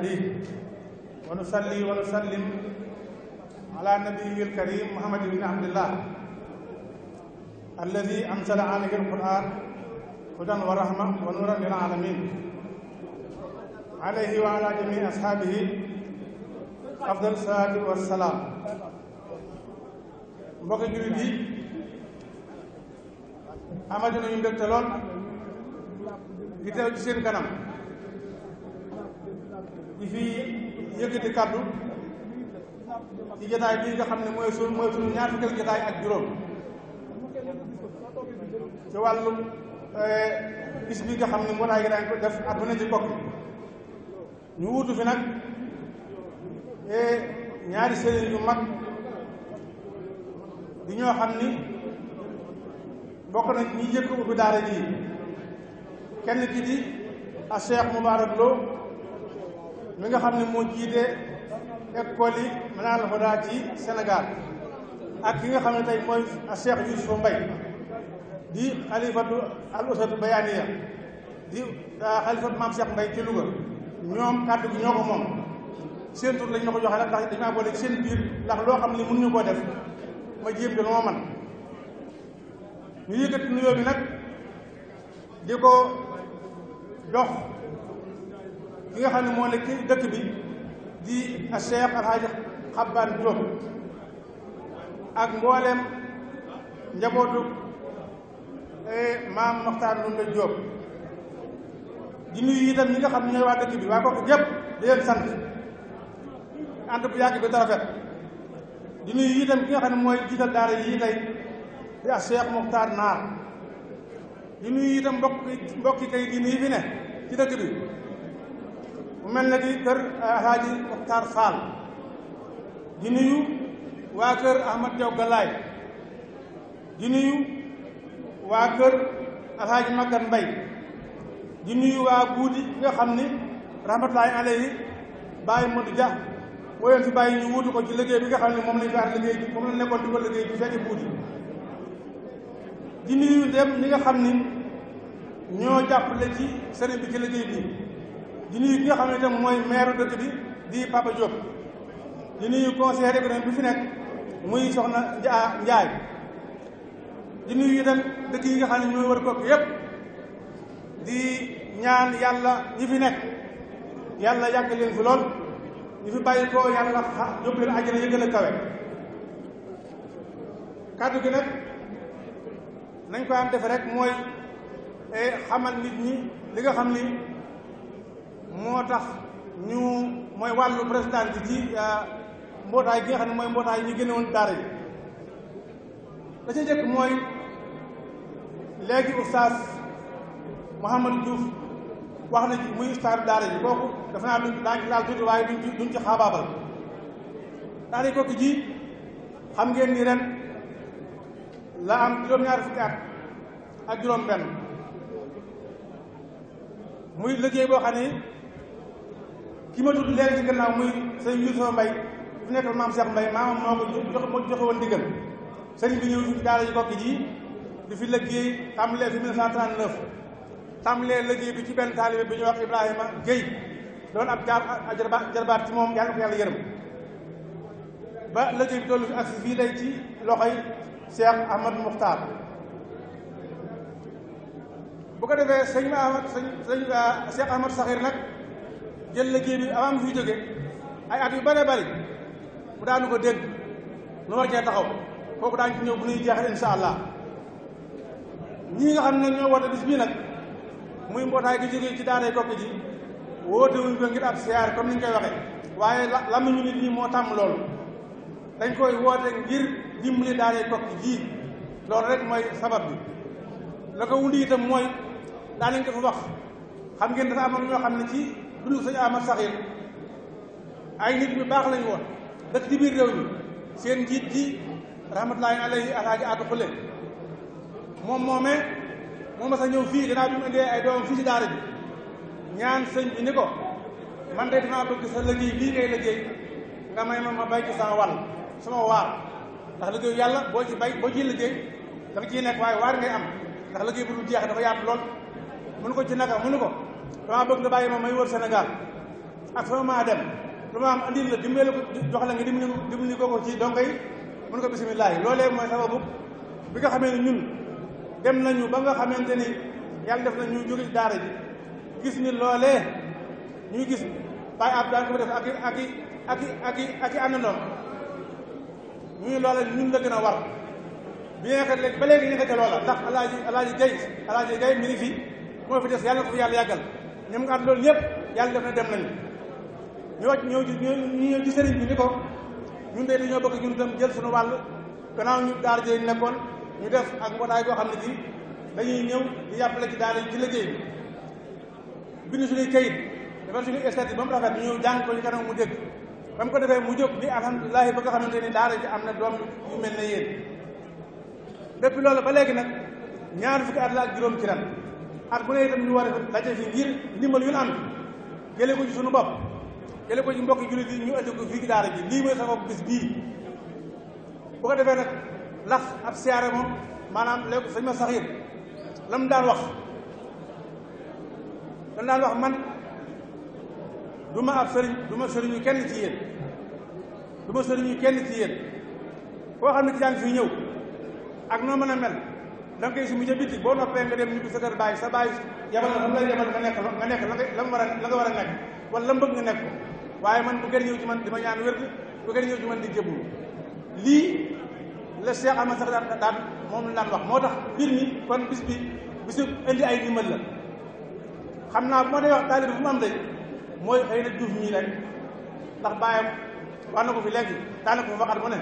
الهدي ونصلي ونسلم على نبيه الكريم محمد بن عبد الله الذي أنزل عليه القرآن هدى ورحمة ونورا للعالمين عليه وعلى جميع أصحابه أفضل الصلاة والسلام mbokki jullit yi amati nañu mbégte lool gi teew ci seen kanam bi fi yëkkati kàddu ci jotaay bii nga xam ne mooy suñu mooy suñu ñaar fukki jotaay ak juróom ci wàllum eh, bis bi nga xam ne mbootaay gi daañu ko def at bu ne ci bokk ñu wuutu fi nag eh, ñaari sëriñ yu mag di ñoo xam ni bokk nañ ñi njëkk ubbi daara ji kenn ki di a Cheikh Moubarak Lo mi nga xam ne moo jiite école yi maanaam xudaa ci Sénégal ak ki nga xam ne tey mooy Cheikh Youssoufa Mbaye di xalifatu al usatu bayaaniya di ah, xalifatu maam Cheikh Mbaye ci Louga ñoom kàddu gi ñoo ko moom seen tur lañ ma ko joxe nag ndax loo xam ne mën ñu koo def ma jéem dina ma man ñu yëkkati nuyoo bi nag di ko jox ki nga xam ne moo nekk dëkk bi di Cheikh Alhaji Xabbaan Diop ak mbooleem njabootu eh, maam Moxtaar Ndumbe Diop di nuyu itam ñi nga xam ne ñooy waa dëkk bi waa kooku yëpp di leen sant ànd bu yàgg bi tarafet di nuyu itam ki nga xam ne mooy jiital daara yi tey di ak Cheikh Moxtaar Naar di nuyu itam mbokki kay diine yi fi ne ci dëkk bi mu mel ne di kër alhaaji eh, Mokhtar Fall di nuyu waa kër Ahmad Diaw Galaay di nuyu waa kër alhaaji Mbay di waa guudi nga xam ni rahmatullaahi alayhi bàyyi Modou Dia moo leen fi bàyyi ñu wuutu ko ci liggéey bi nga xam ne moom lañ faax liggéey bi moom la nekkoon di ko liggéey bi fekk guudi di dem ñi nga xam ni ñoo jàppale ci sëriñ bi ci liggéey bi di nuyu ki nga xam ne itam mooy maire dëkk bi di Papa Diop di nuyu conseiller économique bi fi nekk muy soxna Njaa Njaay di nuyu itam dëkk yi nga xam ne ñooy war kook yépp di ñaan yàlla ñi fi nekk yàlla yàgg leen fi lool ñi fi bàyyi ko yàlla yóbbu leen àjjana yi gën a kawe kàddu gi nag nañ ko am defe rek mooy eh, xamal nit ñi li xam ni moo tax ñu mooy wàllu président bi ci euh, mbootaay gi nga xam ne mooy mbootaay ñu génne woon daara yi da ca jëkk mooy léegi oustaz Mouhamadou wax na ci muy ustaaru daara ji kooku dafa naa duñ daañ laal tuuti waaye duñ ci duñ ci xaabaabal daara yi kooku ji xam ngeen ni ren la am juróom-ñaari fukki at ak juróom benn muy liggéey boo xam ki ma tudd léegi ci gannaaw muy sëñ Youssou Mbaye fi nekkal maam Cheikh Mbaye maamam moo ko jox moo joxe woon ndigal bi ñëw fi daara yu kokki ji di fi liggéey tàmbalee fi 1939 tàmbalee liggéey bi ci benn taalibe bi ñuy wax Ibrahima Guèye doon ab jaar jarbaat jarbaat ci moom yàlla ko yàlla yërëm ba liggéey bi tollu fi ak fii lay ci loxoy Cheikh Ahmadou Moukhtar bu ko defee sëñ Ahmad sëñ sëñ ah, Cheikh Ahmadou Sakhir nag jël liggéey bi avant mu fi jóge ay at yu bare bari bu daanu ko dégg nu war cee taxaw kooku daañu ci ñëw bu ñuy jeexal insha allah ñii nga xam ne ñoo woote bis bii nag muy mbootaay gi jógee ci daaray Koki ji woote wuñ ko ngir ab siyaar comme ni ñu koy waxee waaye lamiñu nit ñi moo tàmm loolu dañ koy woote ngir dimbali daaray Koki ji loolu rek mooy sabab bi la ko wundi itam mooy daa nañ ko fa wax xam ngeen dafa amoon ñoo xam ne ci dund sëñ Ahmad Saxiir ay nit ñu baax lañu woon dëkk ci biir réew mi seen njiit ji rahmatullahi alayhi alaaji Aatu Xulle moom moomee moo ma sa ñëw fii danaa bi mu indee ay doomam fii ci daara ji ñaan sëñ bi ni ko man de damaa bëgg sa liggéey bii ngay liggéey nga may ma ma bay ci sama wàll sama waar ndax liggéeyu yàlla boo ci bay boo ci liggéey da nga ciy nekk waaye waar ngay am ndax liggéey bu jeex dafa yaatu lool mënu ko ci naka mënu ko dama bëgg nga bàyyi ma may wër Sénégal ak fa ma dem lu ma am andil la dimbale ko jox la nga dimbali dimbali ko ci dongo yi mun ko bisimilah loolee mooy sababu bi nga xamee ne ñun dem nañu ba nga xamante ni yàlla def na ñu jóge ci daara ji gis ni loolee ñuy gis bàyyi ab daan ko def ak i ak i ak i ak i ak i àndandoom ñuy loola ñun la gën a war bien que léegi ba léegi ñu nga ca loola ndax alaaji alaaji gay alaaji gay mi ngi fi moo fi des yàlla ko fi yàlla ñoom nga ànd loolu ñëpp yàlla def dem nañu ñu wàcc ñëw ñu ñëw ci sëriñ bi ni ko ñun de dañoo bëgg ñun tam jël suñu wàll gannaaw ñu daara ji nekkoon ñu def ak mbootaay boo xam ne ji dañuy ñëw di yàppale ci daara ci liggéey bi bind suñuy kayit defar suñuy statut ba mu rafet ñu ñëw jàng ko ñu kanam mu dégg ba mu ko defee mu jóg ni alhamdulilahi ba nga xamante ni daara ji am na doom yu mel ne yéen depuis loolu ba léegi nag ñaar fukki at la ak juróom ci ren at bu ne itam ñu war a daje fi ngir ndimbal yu ñu am jëlee ko ci bopp jëlee ko ci mbokki jullit yi ñu andi ko fii ji lii mooy sababu bis bii bu ko defee nag laf ab siyaare moom maanaam léegi sëñ ma saxir la daan wax lan daan wax man du ma ab sëriñ du ma sëriñu kenn ci yéen du kenn ci yéen xam ne ci daan fii ñëw ak noo mën a mel da nga su sumb ca biti boo noppee nga dem ñibbi sa kër bàyyi sa bàyyi yabal la xam lay yabal nga nekk nga nekk la nga war a la nga war a nekk wala la mu bëgg nga nekk man bu gën ñëw man di ma ñaan wér bu gën ñëw ci man di jébbu lii la Cheikh Ahmad sax daan la daan wax moo tax mbir mi kon bis bi bisu indi ay ndimbal la naa bu wax taalib fu mu am day mooy xëy na juuf ñii rek ndax bàyyam wax na ko fi léegi daanaka fa ne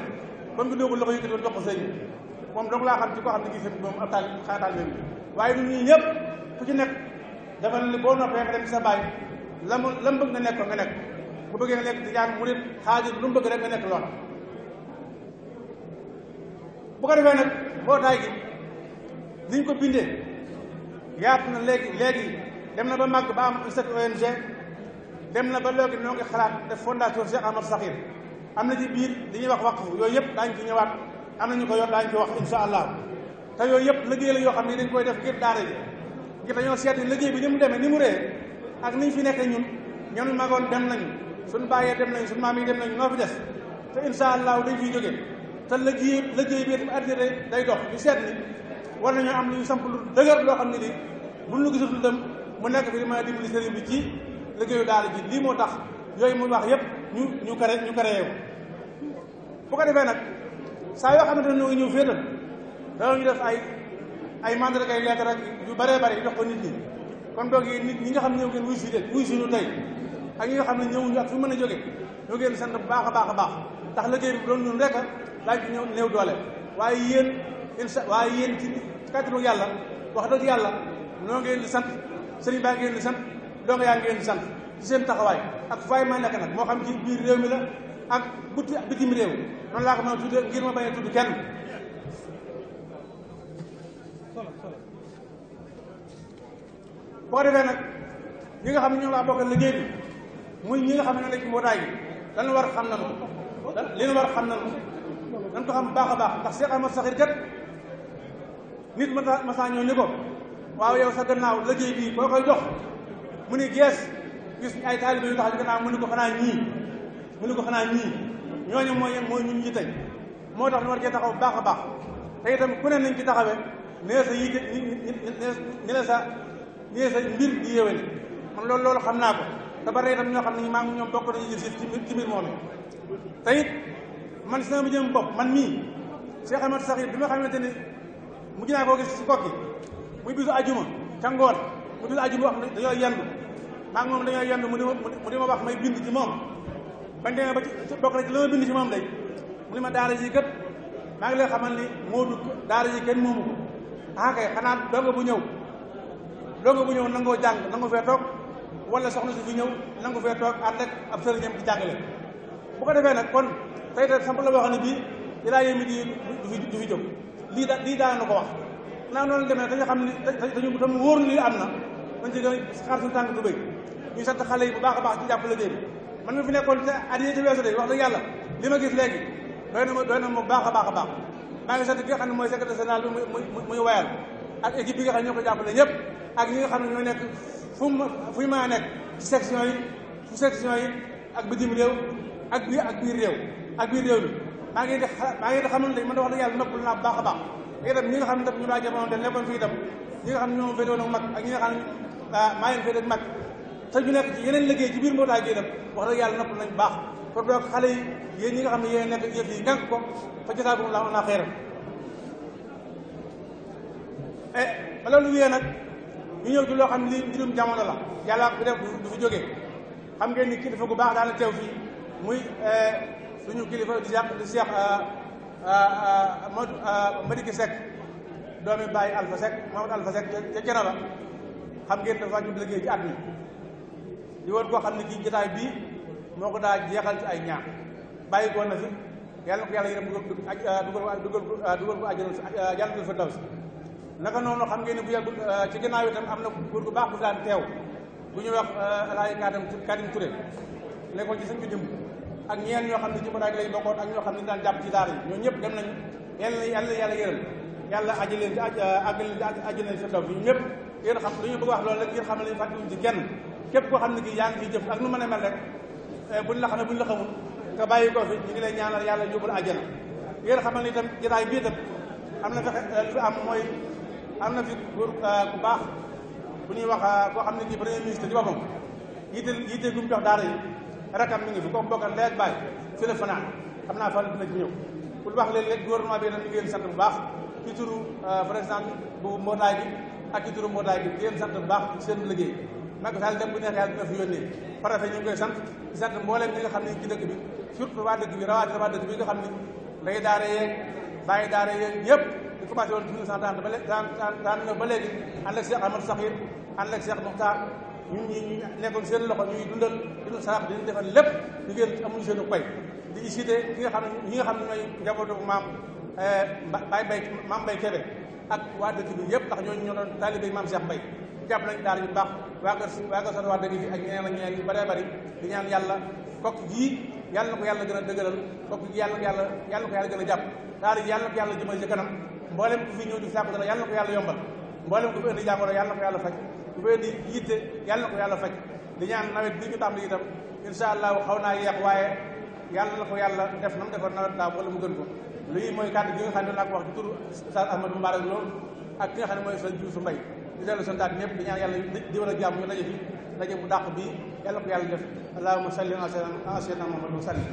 comme bi doogu la ko yëkkati moom dong laa xam ci koo xam ne gis nañ moom ab taal xanaa taal leen ci nekk dafa ne boo noppee nga la mu la bëgg nga nekk ko nga nekk bëggee nga nekk di ñaan murit xaajir lu mu bëgg nekk lool. bu ko defee nag mbootaay gi ni ko bindee yaatu na léegi léegi dem na ba màgg ba am set ONG dem na ba léegi noo ngi xalaat def fondation Cheikh Ahmad Sakhir am na ci biir li ñuy wax waqfu yooyu yëpp daañu ci ñëwaat. am na ñu ko yor daañu ko wax insha allah te yooyu yëpp liggéey la yoo xam ne dañ koy def ngir daara ji ngir dañoo seet ni liggéey bi ni mu demee ni mu ree ak niñ fi nekkee ñun ñoom ñu magoon dem nañu suñ bàyyee dem nañu suñ maam yi dem nañu noo fi des te insha allah dañ fiy jógee te liggéey liggéey bi itam addina day dox ñu seet ni war nañoo am lu ñu samp lu dëgër loo xam ne di buñ lu gisatul mu nekk fi di mën a dimbali sëriñ bi ci liggéeyu daara ji lii moo tax yooyu mu wax yëpp ñu ñu kare ñu kareyeewu bu ko defee nag saa yoo xamante ne ñoo ngi ñëw féetal danañu def ay ay mandarga ay lettre ak yu bëree bëri jox ko nit ñi kon donc yéen nit ñi nga xam ne ñëw ngeen wuy si de wuy ñu tey ak ñi nga xam ne ñëwuñu ak fu mën a jógee ñoo ngeen sant bu baax a baax a baax ndax liggéey bi doon ñun rek doole waaye yéen insa waaye yéen ci kàttanu yàlla wax dëgg yàlla noo ngeen di sant sëriñ baa ngeen di sant dong yaa ngeen di sant ci seen taxawaay ak faay ma nekk nag moo xam ci biir réew mi la ak buti bitim réew noonu laa ko mën a tudd ngir ma bañ tudd kenn boo defee nag ñi nga xam ne ñoo laa bokkal liggéey bi muy ñi nga xam ne ñoo nekk ci mbootaay bi dañu war xam na nu li ñu war xam na nu dañ ko xam baax a baax ndax Cheikh Ahmad Saxir kat nit ma masaa ñoo ni ko waaw yow sa gannaaw liggéey bii boo koy mu ni gees gis ay taalibe yu tax ci gannaaw mu ni ko xanaa ñii mu ko xanaa ñii ñoo mooy moo mooy ñun ñi tey moo tax ñu war cee taxaw baax a baax te itam ku ne nañ ci taxawee nee sa yite ñi sa ñi ne sa mbir di yéwén man loolu loolu xam naa ko te ba tey itam ñoo xam ne maa ñoom bokk nañu jëf ci mbir moom te it man sama bi jëm man mii Cheikh Amadou Sakhir bi ma xamante ni mujj naa koo gis si kokki muy bisu ajuma ca ngoon mu bisu ajuma wax dañoo yendu maa ngi moom dañoo yendu mu di ma wax may bind ci bañ demee ba ci bokk na ci loolu bind ci moom day mu ne ma daara ji kat maa ngi lay xamal ni moo dugg daara ji kenn moomu ko ah kay xanaa donga bu ñëw donga bu ñëw nangoo jàng nangu fee toog wala soxna su fi ñëw nangu fee toog ànd ak ab sëriñam di jàngale bu ko defee nag kon tey te samp la boo xam ne bii ilaa yéen mi di du fi du lii da lii daana na ko wax naa noonu demee dañu xam ne dañu tam wóor ni lii am na dañ ci gën a xaar suñu tànk du bëy ñu xale yi bu baax a baax ci jàpp liggéey man na fi nekkoon ca at yii ci weesu de wax yàlla li gis léegi doy na ma doy na ma baax a baax a baax maa ngi sant ki nga xam ne mooy secrétaire général bi muy muy wayal ak équipe bi nga xam ne ñoo ko jàppale xam ne ñoo nekk fu mu fu ñu nekk ci yi fu yi ak bitim réew ak biir ak biir réew ak biir réew mi maa ngi di maa ngi di xamal ne man wax dëgg yàlla noppal baax a baax itam ñi te nekkoon fii itam ñi nga xam ne ñoom féetewoon ak mag ak ñi nga xam ne ah, maa leen féete mag te ñu nekk ci yeneen liggéey ci biir mbootaay gi dem wax dëgg yàlla nopp nañ baax kon donc xale yi yéen ñi nga xam ne yéen nekk yëf yi ngànk ko fa jotaakum laa ana xeeram e eh, ba loolu wéyee nag ñu ñëw ci loo xam li mbirum jamono la yàlla bi def du fi jógee xam ngeen kilifa gu baax daana teew fii muy eh, suñu kilifa di Cheikh di Cheikh ah, ah, Modou ah, Madické Seck doomi bàyyi Alpha Seck Mamadou Alpha Seck ca Cenaba xam ngeen dafa ñu liggéey ci at mi di woon koo xam ne kii jotaay bii moo ko daa jeexal ci ay ñaar bàyyi ko na fi yàlla na ko yàlla yërëm dugal ah, dugal ah, dugal ko àjjana ah, yàlla dul fa daw si naka noonu xam ngeen ne bu yàggul ci ginnaaw itam am na góor gu baax bu daan teew bu ñu wax alaaji kaatam karim Touré nekkoon ci sëñ bi dimb ak ñeen ñoo xam ne ci mbootaay gi lañ bokkoon ak ñoo xam ne daan jàpp ci daara yi ñoo ñëpp dem nañu yàlla yàlla yàlla yërëm yàlla aji leen ci àgg leen ci àjjana fa daw si ñu ñëpp yéen xam lu ñu bëgg wax loolu rek ngeen xam ne lañu fàttaliwuñ ci kenn képp koo xam ne kii yaa ngi ciy jëf ak nu mën a mel rek eh, bu la xamee buñ la xamul nga bàyyi ko fi ñu ngi lay ñaanal yàlla yóbbul àjjana ngeen xamal ni itam jotaay bii itam am na fexe eh, lu fi am mooy am na fi góor eh, ku baax ñuy wax koo xam ne kii premier ministre di boppam yitte yitte gu mu jox daara yi rakam mi ngi fi kooku bokkal ndey ak baay fi la fanaan xam naa fan la ci ñëw pour wax leen léegi gouvernement bi la ñu ngi leen sant bu baax ci turu par bu mbootaay bi ak ci turu mbootaay bi di leen sant bu baax seen liggéey Macky Sall dem bu neex yàlla dina fi yónnee farata ñu ngi koy sant di sant mboolem ñi nga xam ne ci dëkk bi surtout waa dëkk bi rawatina waa dëkk bi nga xam ne nday daara yeeg bàyyi daara yeeg ñëpp ñu commencé woon 1930 ba léegi 1939 ba léegi ànd ak Cheikh Amadou Sakhir ànd ak Cheikh Mokhtar ñun ñi ñu nekkoon seen loxo ñuy dundal dina saaf dina defal lépp ñu ngeen amuñu seenu pay di cité ñi nga xam ne ñi nga xam ne ñooy njabootu maam eh, Baye Baye maam Baye Kébé ak waa dëkk bi yëpp ndax ñooñu ñoo doon taalibe maam Cheikh Mbaye jàpp nañ daal yu baax waa kër suñ waa kër soxna waa dañuy fi ak ñeneen ak ñeneen yu di ñaan yàlla kokk yàlla na ko yàlla gën a ji yàlla na ko yàlla yàlla na ko yàlla gën a jàpp daal yi yàlla na ko yàlla jëmal ci kanam mboolem ku fi ñëw di sàkku dara yàlla na ko yàlla faj di ñaan nawet bi ñu tàmbali itam insha allahu xaw naa yeex waaye yàlla na ko yàlla def nam defoon nawet daaw wala mu gën ko lii mooy kàddu gi nga xam ne naa Lo ak ki nga xam mooy sa jiw su mbay di dellu santaat ñëpp di ñaan yàlla diwal ak jàmm ñu daje fi daje bu dàq bii yàlla ko yàlla def allahumma salli ala sayyidina muhammad wa sallim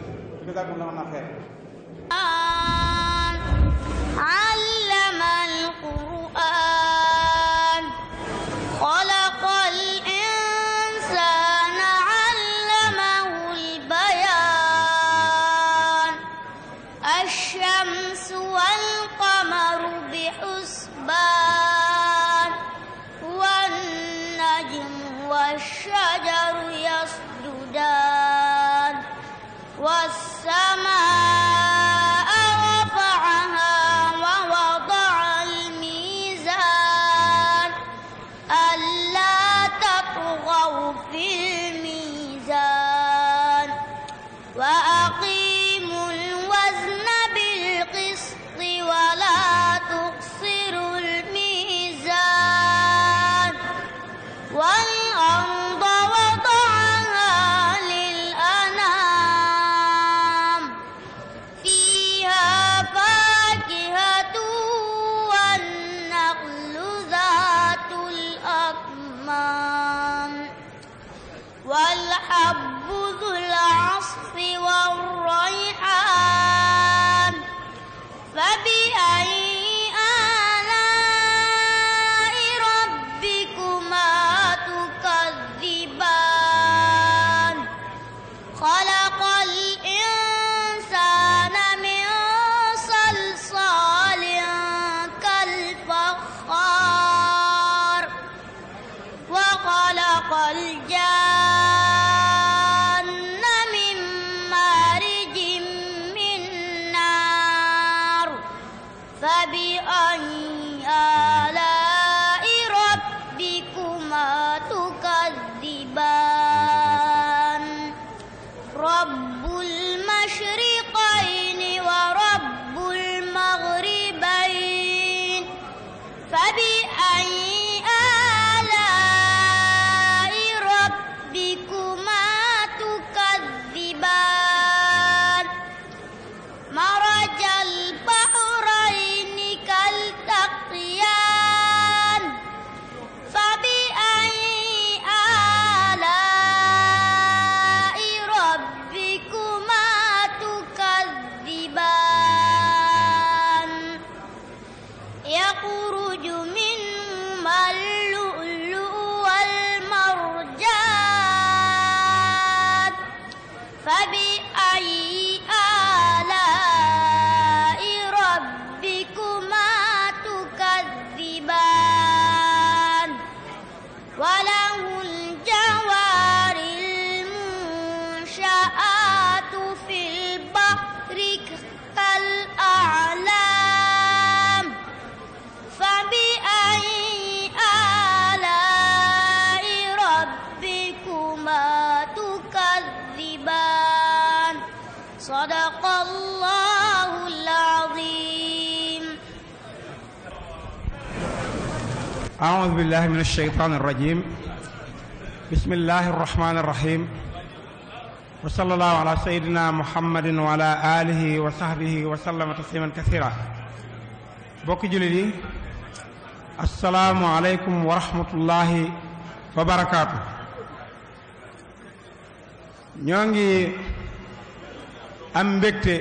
jazakum la na xeer allama al qur'an أعوذ بالله من الشيطان الرجيم بسم الله الرحمن الرحيم وصلى الله على سيدنا محمد وعلى آله وصحبه وسلم تسليما كثيرا bokk jullit yi asalaamu aleykum wa rahmatullahi wa barakaatu ñoo ngi am mbégte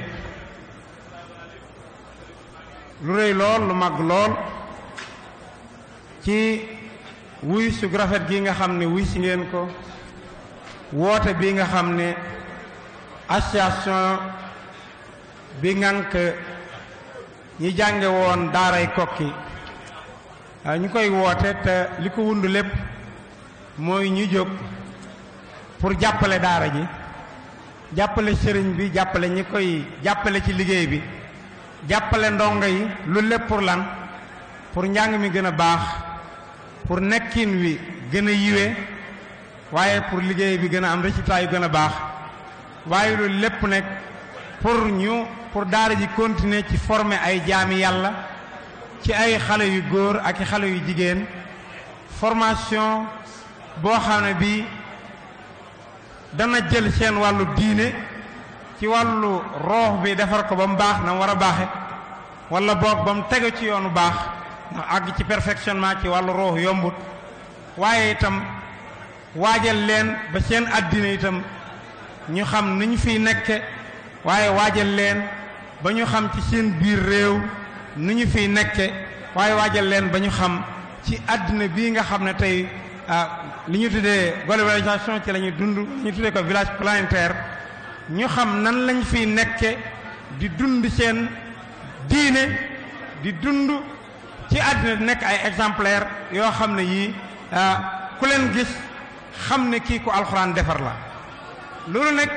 lu rëy lool lu mag lool ci wuy su rafet gi nga xam ne wuy si ngeen ko woote bi nga xam ne association bi ngànk ñi jànge woon daaray kokki ah, ñi koy woote te li ko wund lépp mooy ñu jóg pour jàppale daara ji jàppale sëriñ bi jàppale ñi koy jàppale ci liggéey bi jàppale ndongo yi lu lépp pour lan pour njàng mi gën a baax pour nekkin wi gën a yiwee waaye pour liggéey bi gën a am résultat yu gën a baax waaye loolu lépp nekk pour ñu pour daara ji continuer ci former ay jaami yàlla ci ay xale yu góor ak i xale yu jigéen formation boo xam bi dana jël seen wàllu diine ci wàllu roox bi defar ko ba mu baax na mu war a baaxe wala boog ba mu tege ci yoonu baax àgg ci perfectionnement ci wàllu roox yombut waaye itam waajal leen ba seen àddina itam ñu xam ni ñu fiy nekke waaye waajal leen ba ñu xam ci seen biir réew ni ñu fiy nekke waaye waajal leen ba ñu xam ci àddina bii nga xam ne tey ah, li ñu tuddee globalisation ci lañuy ñuy dund ñu tuddee ko village planétaire ñu xam nan lañ fiy nekke di dund seen diine di dund ci àddina di nekk ay exemplaire yoo xam ne yii ah, ku leen gis xam ne kii ku alxuraan defar la loolu nag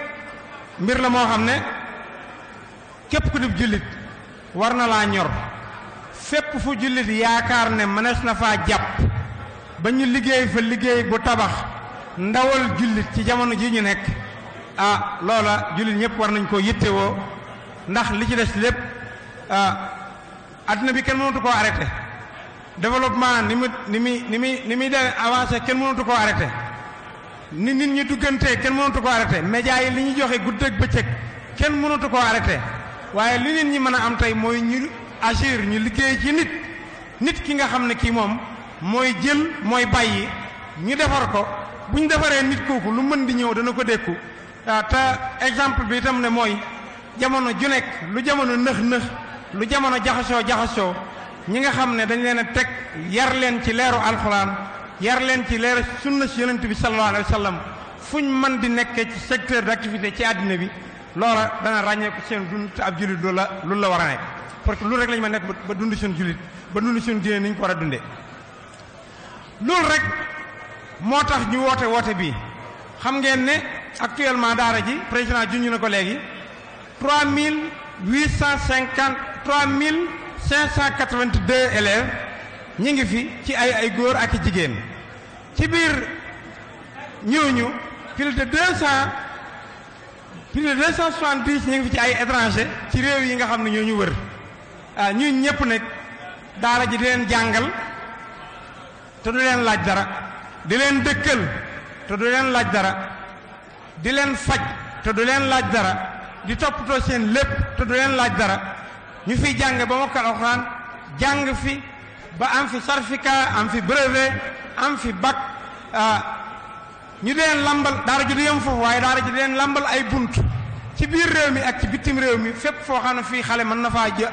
mbir la moo xam ne képp ku dib jullit war na laa ñor fépp fu jullit yaakaar ne mënees na faa jàpp ba ñu liggéey fa liggéey bu tabax ndawal jullit ci jamono ji ñu nekk ah loola jullit ñëpp war nañ koo yittewoo ndax li ci des lépp ah, àdduna bi kenn mënatu koo arrêté développement ni mu ni muy ni muy ni muy de avancé kenn mënatu ko arrêté ni nit ñi duggantee kenn mënatu ko arrêté médias yi li ñu joxe gudd ak bëccëg kenn mënatu ko arrêté waaye li nit ñi mën a am tey mooy ñu agir ñu liggéey ci nit nit ki nga xam ne kii moom mooy jël mooy bàyyi ñu defar ko bu ñu defaree nit kooku lu mën di ñëw dana ko dékku ah, te exemple bi itam ne mooy jamono ju nekk lu jamono nëx nëx lu jamono jaxasoo jaxasoo ñi nga xam ne dañu leen a teg yar leen ci leeru alxuraan yar leen ci leeru sunna si yonent bi sallallahu alayhi wa sallam fuñ mën di nekk ci secteur d'activité ci àddina bi loola dana ràññeeku seen dund te ab jullit lu la lu la war a nekk parce que loolu rek lañu ma nekk ba dund seen jullit ba dund seen diine ni ñu ko war a dundee loolu rek moo tax ñu woote woote bi xam ngeen ne actuellement daara ji président junj na ko léegi trois mille huit cent cinquante trois mille 582 élèves ñi ngi fi ci ay ay góor ak i jigéen ci biir ñooñu plus de 200 plus de 270 ñi ngi fi ci ay étranger ci réew yi nga xam ne ñoo ñu wër ah ñun ñëpp nag daara ji di leen jàngal te du leen laaj dara di leen dëkkal te du leen laaj dara di leen faj te du leen laaj dara di toppatoo seen lépp te du leen laaj dara. ñu fiy jàng ba mokkal alxuraan jàng fi ba am fi certificat am fi brevet am fi bac ah, ñu leen lambal daara ji du yem foofu waaye daara ji di leen lambal ay bunt ci biir réew mi ak ci bitim réew mi fépp foo xam ne fii xale mën na faa ja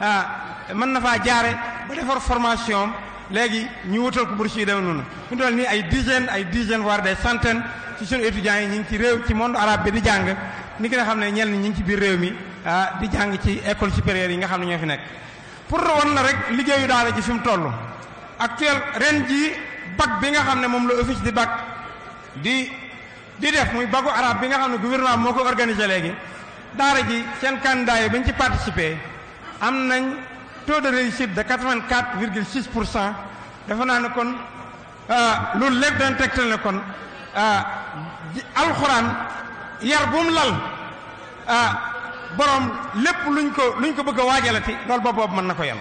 ah, mën na faa jaare ba defar formation léegi ñu wutal ko bourse yi demee noonu ñu doon nii ay dizaine ay dizaine voire des centaines ci suñu étudiants yi ñu ngi ci réew ci monde arabe bi di jàng ni ki nga xam ne ñenn ñi ñu ngi ci biir réew mi ah di jàng ci école supérieure yi nga xam ne ñoo fi nekk pour wan na rek liggéeyu daara ji fi mu toll actuel ren ji bac bi nga xam ne moom la office di bac di di def muy bagu arabe bi nga xam ne gouvernement moo ko organisé léegi daara ji seen candidat yi bañ ci participer am nañ taux de réussite de 84 virgule 6 pour cent dafa naa ne kon ah, loolu lépp dana tegtal ne kon ah, alxuraan yar bu mu lal ah, borom lépp luñ ko luñ ko bëgg a waajalati loolu ba boobu mën na ko yem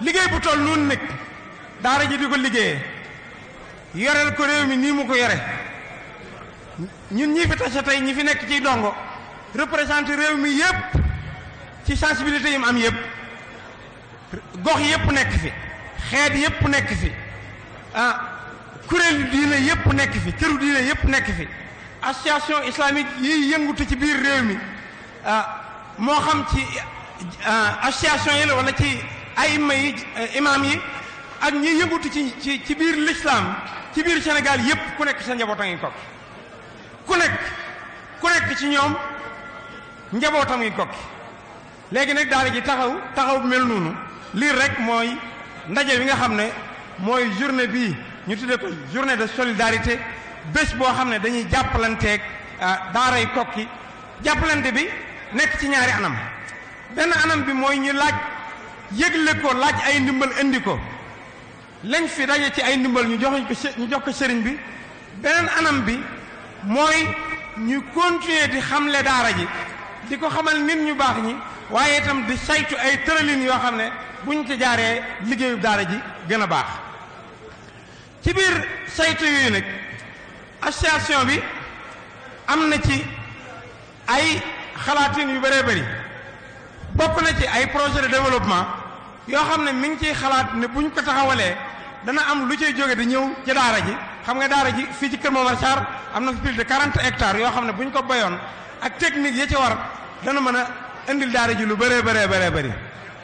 liggéey bu toll noonu nag daara ji di ko liggéeyee yoreel ko réew mi nii mu ko yore ñun ñi fi sa tey ñi fi nekk ciy dongo représenté réew mi yépp ci sensibilité yi mu am yépp gox yépp nekk fi xeet yépp nekk fi ah kuréelu diine yépp nekk fi këru diine yépp nekk fi association islamique yiy yëngutu ci biir réew mi ah, moo xam ci ah, association yi la wala ci ayima yi imam yi ak ñiy yëngutu ci ci ci biir l'islam ci biir Sénégal yépp ku nekk sa njaboot a ngi kokki ku nekk ku nekk ci ñoom njabootam ngi kokki léegi nag daara ji taxaw taxaw mel noonu lii rek mooy ndaje bi nga xam ne mooy journée bi ñu tuddee ko journée de solidarité bés boo xam ne dañuy jàppalanteeg ah, daaray kokki jàppalante bi nekk ci ñaari anam benn anam bi mooy ñu laaj yëgle ko laaj ay ndimbal indi ko lañ fi daje ci ay ndimbal ñu jox ko ñu jox sëriñ bi beneen anam bi mooy ñu continuer di xamle daara ji di ko xamal nit ñu baax ñi waaye itam di saytu ay tëralin yoo xam ne buñ ci jaaree liggéeyu daara ji gën a baax ci biir saytu yooyu nag association bi am na ci ay xalaatin yu bëree bëri bokk na ci ay projet de développement yoo xam ne mi ngi ciy xalaat ne bu ñu ko taxawalee dana am lu cay jóge di ñëw ci daara ji xam nga daara ji fii ci Kër Momar Sarr am na fi plus de 40 hectares yoo xam ne buñ ko bayoon ak technique ya ci war dana mën a indil daara ji lu bëree bëree bëree bëri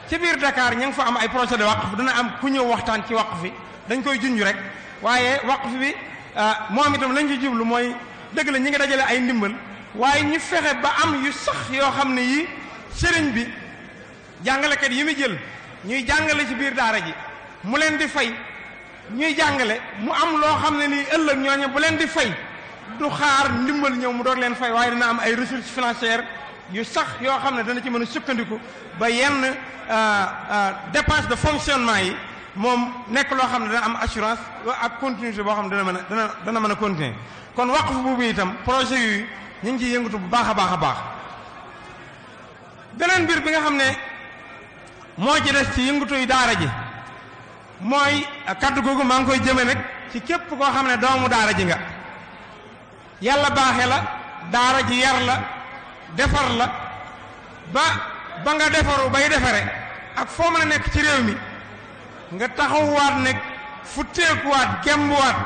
ci biir Dakar ñu ngi fa am ay projet de waqf dana am ku ñëw waxtaan ci waqf fi dañ koy junj rek waaye waqf bi moo euh, moom itam lañ ci jublu mooy dëgg la ñi nga dajale ay ndimbal waaye ñu fexe ba am yu sax yoo xam ne yi sëriñ bi jàngalekat yi mu jël ñuy jàngale ci biir daara ji mu leen di fay ñuy jàngale mu am loo xam ne nii ëllëg ñooñu bu leen di fay du xaar ndimbal ñëw mu doog leen fay waaye dina am ay ressources financière yu sax yoo xam ne dana ci mën a sukkandiku ba yenn euh, euh, dépense de fonctionnement yi moom nekk loo xam ne dana am assurance ak continuité boo xam ne dana mën a dana dana mën a continuer kon waqf boobu itam projet yooyu ñu ngi ciy yëngatu bu baax a baax a baax beneen mbir bi nga xam ne moo ji des ci yëngatu yi daara ji mooy kaddu googu maa ngi koy jëme nag ci képp koo xam ne doomu daara ji nga yàlla baaxe la daara ji yar la defar la ba ba nga defaru bay defare ak foo mën a nekk ci réew mi nga taxawwaat nag fu teekuwaat gembuwaat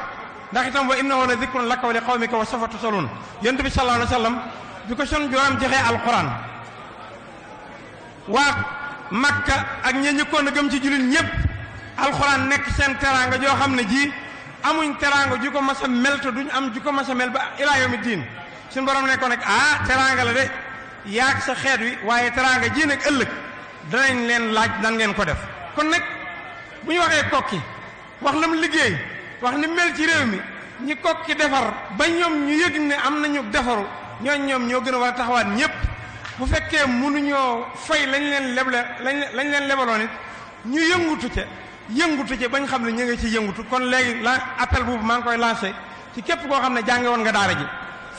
ndax itam wa innahu la dikrun laka wa li qawmika wa sawfa tusalun yonent bi sallallahu alayhi wa sallam bi ko son jooram joxee alquran waa makka ak ña ñëkkoon a gëm ci jullit ñëpp alquran nekk seen teraanga joo xam ne ji amuñ teraanga ju ko mas a mel te am ju ko mas mel ba ilaa yawmi diin suñu borom ne ko nag ah teraanga la de yaag sa xeet wi waaye teraanga ji nag ëllëg danañ leen laaj nan ngeen ko def bu ñu waxee kokki wax lam liggéey wax ni mel ci réew mi ñi kokki defar ba ñoom ñu yëg ne am nañu defaru ñooñ ñoom ñoo gën a war a taxawaat ñëpp bu fekkee mënuñoo fay lañ leen leble lañ leen lebaloon it ñu yëngutu ca yëngutu ca bañ xam ne ñu ngi ci yëngutu kon léegi la appel boobu maa ngi koy lancé ci képp koo xam ne jànge woon nga daara ji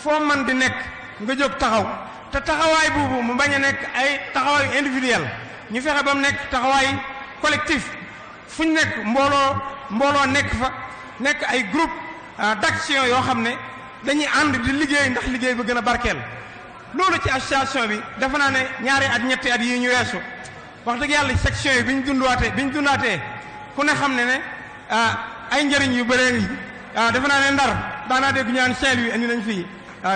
foo man di nekk nga jóg taxaw te taxawaay boobu mu bañ a nekk ay taxawaayu individuel ñu fexe ba mu taxawaay collectif fu ñu nekk mbooloo mbooloo nekk fa nekk ay groupe euh, d'action yoo xam ne dañuy ànd di liggéey ndax liggéey ba gën a barkeel loolu ci association bi dafa naa ne ñaari at ñetti at yii ñu weesu wax dëgg yàlla section yi bi ñu dunduwaatee bi ñu dundaatee ku ne xam ne ne euh, ay njariñ yu bëree ngi euh, dafa naa ne ndar daanaa dee ñaan Saint-Louis indi nañ fii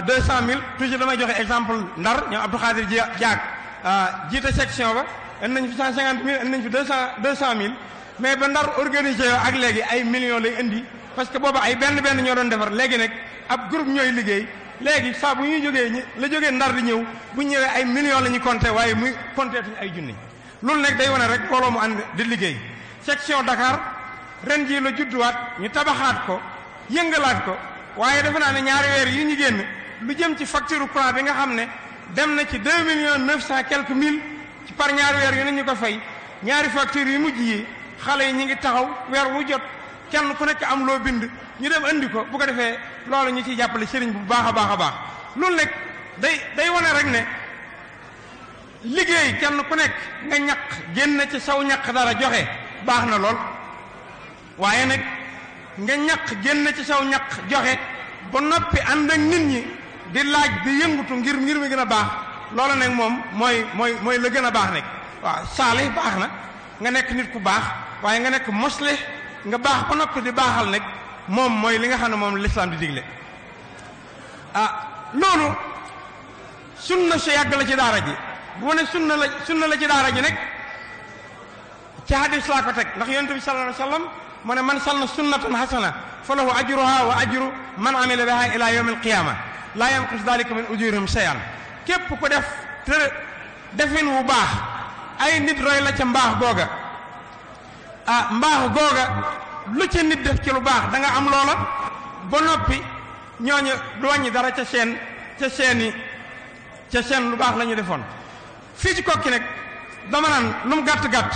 deux cent mille toujours damay joxe exemple ndar ñoom Abdou Khadir Diak jiite section ba indi nañ fi cent cinquante mille indi nañ fi deux cent deux cent mille mais ba ndar organisé ak léegi ay millions lay indi parce que booba ay benn benn ñoo doon defar léegi nag ab groupe ñooy liggéey léegi saa bu ñuy jógee ñi la jógee ndar di ñëw bu ñëwee ay millions la ñuy compté waaye muy compté tuñu ay junni loolu nag day wane rek mbooloo mu ànd di liggéey section Dakar ren jii la judduwaat ñu tabaxaat ko yëngalaat ko waaye defe naa ne ñaari weer yi ñu génn lu jëm ci facture courant bi nga xam ne dem na ci deux millions neuf cent quelques mille ci par ñaari weer ñu ko fay ñaari factures yu mujj yi xale yi ñu ngi taxaw weer wu jot kenn ku nekk am loo bind ñu dem andi ko bu ko defee loolu ñu ciy jàppale sëriñ bu baax a baax a baax loolu nag day day wone rek ne liggéey kenn ku nekk nga ñaq génn ci saw ñaq dara joxe baax na lool waaye nag nga ñaq génn ci saw ñaq joxe ba noppi ànd ak nit ñi di laaj bi yëngutu ngir ngir mi gën a baax loolu nag moom mooy mooy mooy la gën a baax nekk waaw saalih baax na nga nekk nit ku baax waaye nga nekk moslih nga baax ba noppi di baaxal nag moom mooy li nga xam ne moom lislaam di digle ah loolu sunna su yàgg la ci daara ji bu ma ne sunna la la ci daara ji nag ci hadis laa ko teg ndax yonent bi sallallahu alayhi wa sallam mu ne man sanna sunnatan hasana fa lahu ajruha wa ajru man amila biha ila yawm alqiyama laa yanqus dalika min ujurihim shay'an képp ko def te defin wu baax ay nit roy la ca mbaax googa Ah, mbaax mbaaxu googa lu ca nit def ci lu baax danga nga am loola ba noppi ñooñu du wàññi dara ca seen ca seeni ca seen lu baax la ñu defoon fii ci kokki nag dama naan lu mu gàtt-gàtt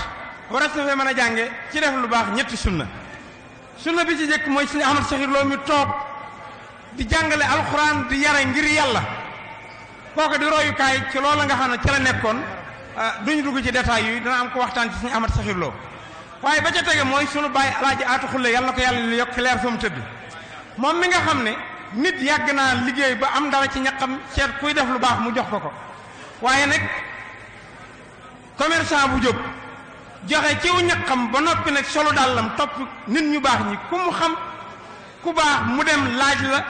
waras na fee mën a jànge ci def lu baax ñetti sunna sunna bi ci njëkk mooy suñu Ahmad Saxiir Lo mi toog di jàngale alxuraan di yare ngir yàlla kooku di royukaay ci loola nga xam ne ci la nekkoon ah, duñu dugg ci détails yu dana am ko waxtaan ci suñu Ahmad Saxiir Lo waaye ba ca tegee mooy sunu bàyyi alaaji aatu xulle yàlla ko yàlla yokk leer fa mu tëdd moom mi nga xam ne nit yàgg naa liggéey ba am dara ci ñaqam seet kuy def lu baax mu jox ko ko waaye nag commerçant bu jóg joxe ciw ñaqam ba noppi nag solo dàllam topp nit ñu baax ñi ku mu xam ku baax mu dem laaj la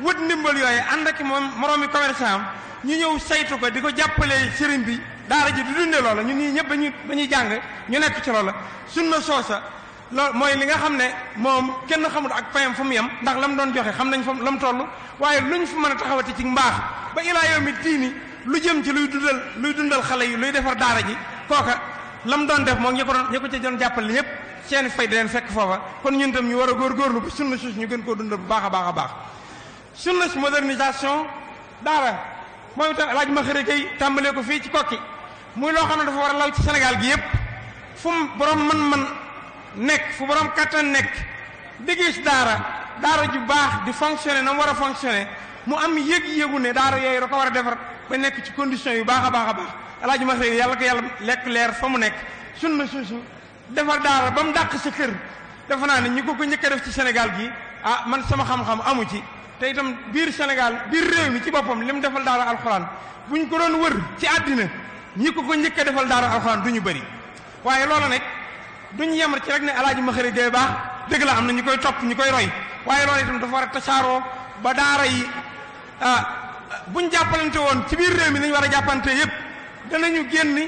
wët ndimbal yooyu ànd ak moom moroomi commerçant am ñu ñëw saytu ko di ko jàppale sëriñ bi daara ji di dunde loola ñu ñii ñëpp ba ñuy ba ñuy jàng ñu nekk ci loola sunna soosa loolu mooy li nga xam ne moom kenn xamul ak fayam fu mu yem ndax la doon joxe xam nañ fa la mu toll waaye luñ fi mën a taxawati ci mbaax ba ilaa yawmi diini lu jëm ci luy dundal luy dundal xale yi luy defar daara ji kooka la mu doon def moom ñi ko doon ñi ko ci doon jàppale ñëpp seen fay di leen fekk foofa kon ñun tam ñu war a góorgóorlu ba sunna suus ñu gën koo dundal bu baax a baax a baax sunna modernisation daara moom itam laaj ma xëre kay tàmbalee ko fii ci kokki muy loo xam ne dafa war a lal ci Sénégal gi yépp fu mu borom man mën nekk fu borom kattan nekk di gis daara daara ju baax di fonctionner na mu war a fonctionner mu am yëg-yëgu ne daara yooyu da ko war a defar ba nekk ci condition yu baax a baax a baax alaaji ma sey yàlla ko yàlla lekk leer fa mu nekk sun na suusu defar daara ba mu dàq sa kër defe naa ne ñu ko ko njëkk def ci Sénégal gi ah man sama xam-xam amu ci te itam biir Sénégal biir réew mi ci boppam li mu defal daara alxuraan bu ñu ko wër ci àddina ñi ko ko njëkk a defal daaru alxuraan du ñu bëri waaye loola nag duñ yemar ci rek ne alaaji ma xëri dee baax dëgg la am na ñu koy topp ñu koy roy waaye loola itam dafa war a tasaaroo ba daara yi ah buñ jàppalante woon ci biir réew mi nañ war a jàppante yépp danañu génn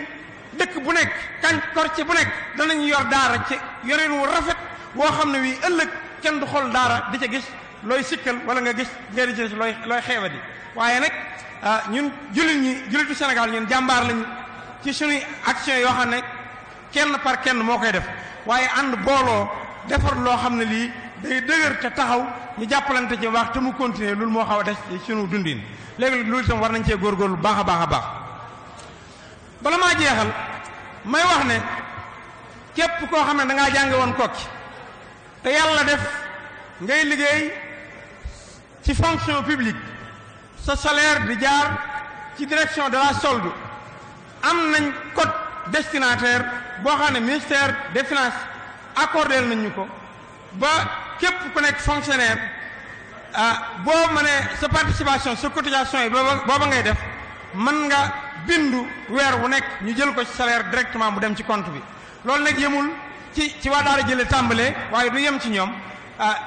dëkk bu nekk kañ ci bu nekk danañu yor daara ci yoreen wu rafet woo xam ne wii ëllëg kenn du xool daara di ca gis looy sikkal wala nga gis nga di ci looy looy di waaye nag Ah, ñun jullit ñi Sénégal ñun jàmbaar lañ ci suñuy action yoo xam ne kenn par kenn moo koy def waaye ànd booloo defar loo xam ne lii day dëgër te taxaw ñu jàppalante ci wax te mu continuer loolu moo xaw a des ci suñu dundin léegi loolu itam war nañ cee góorgóorlu baax a baax a baax bala maa jeexal may wax ne képp koo xam ne dangay ngaa jànge woon kokki te yàlla def ngay liggéey ci fonction publique sa salaire di jaar ci direction de la solde am nañ code destinataire boo xam ne ministère des finances accordé nañ ñu ko ba képp ko nekk fonctionnaire ah boo mënee sa participation sa cotisation yi booba ngay def mën nga bindu weer wu nekk ñu jël ko ci salaire directement bu dem ci compte bi loolu nag yemul ci ci waa daara jële tàmbalee waaye du yem ci ñoom ah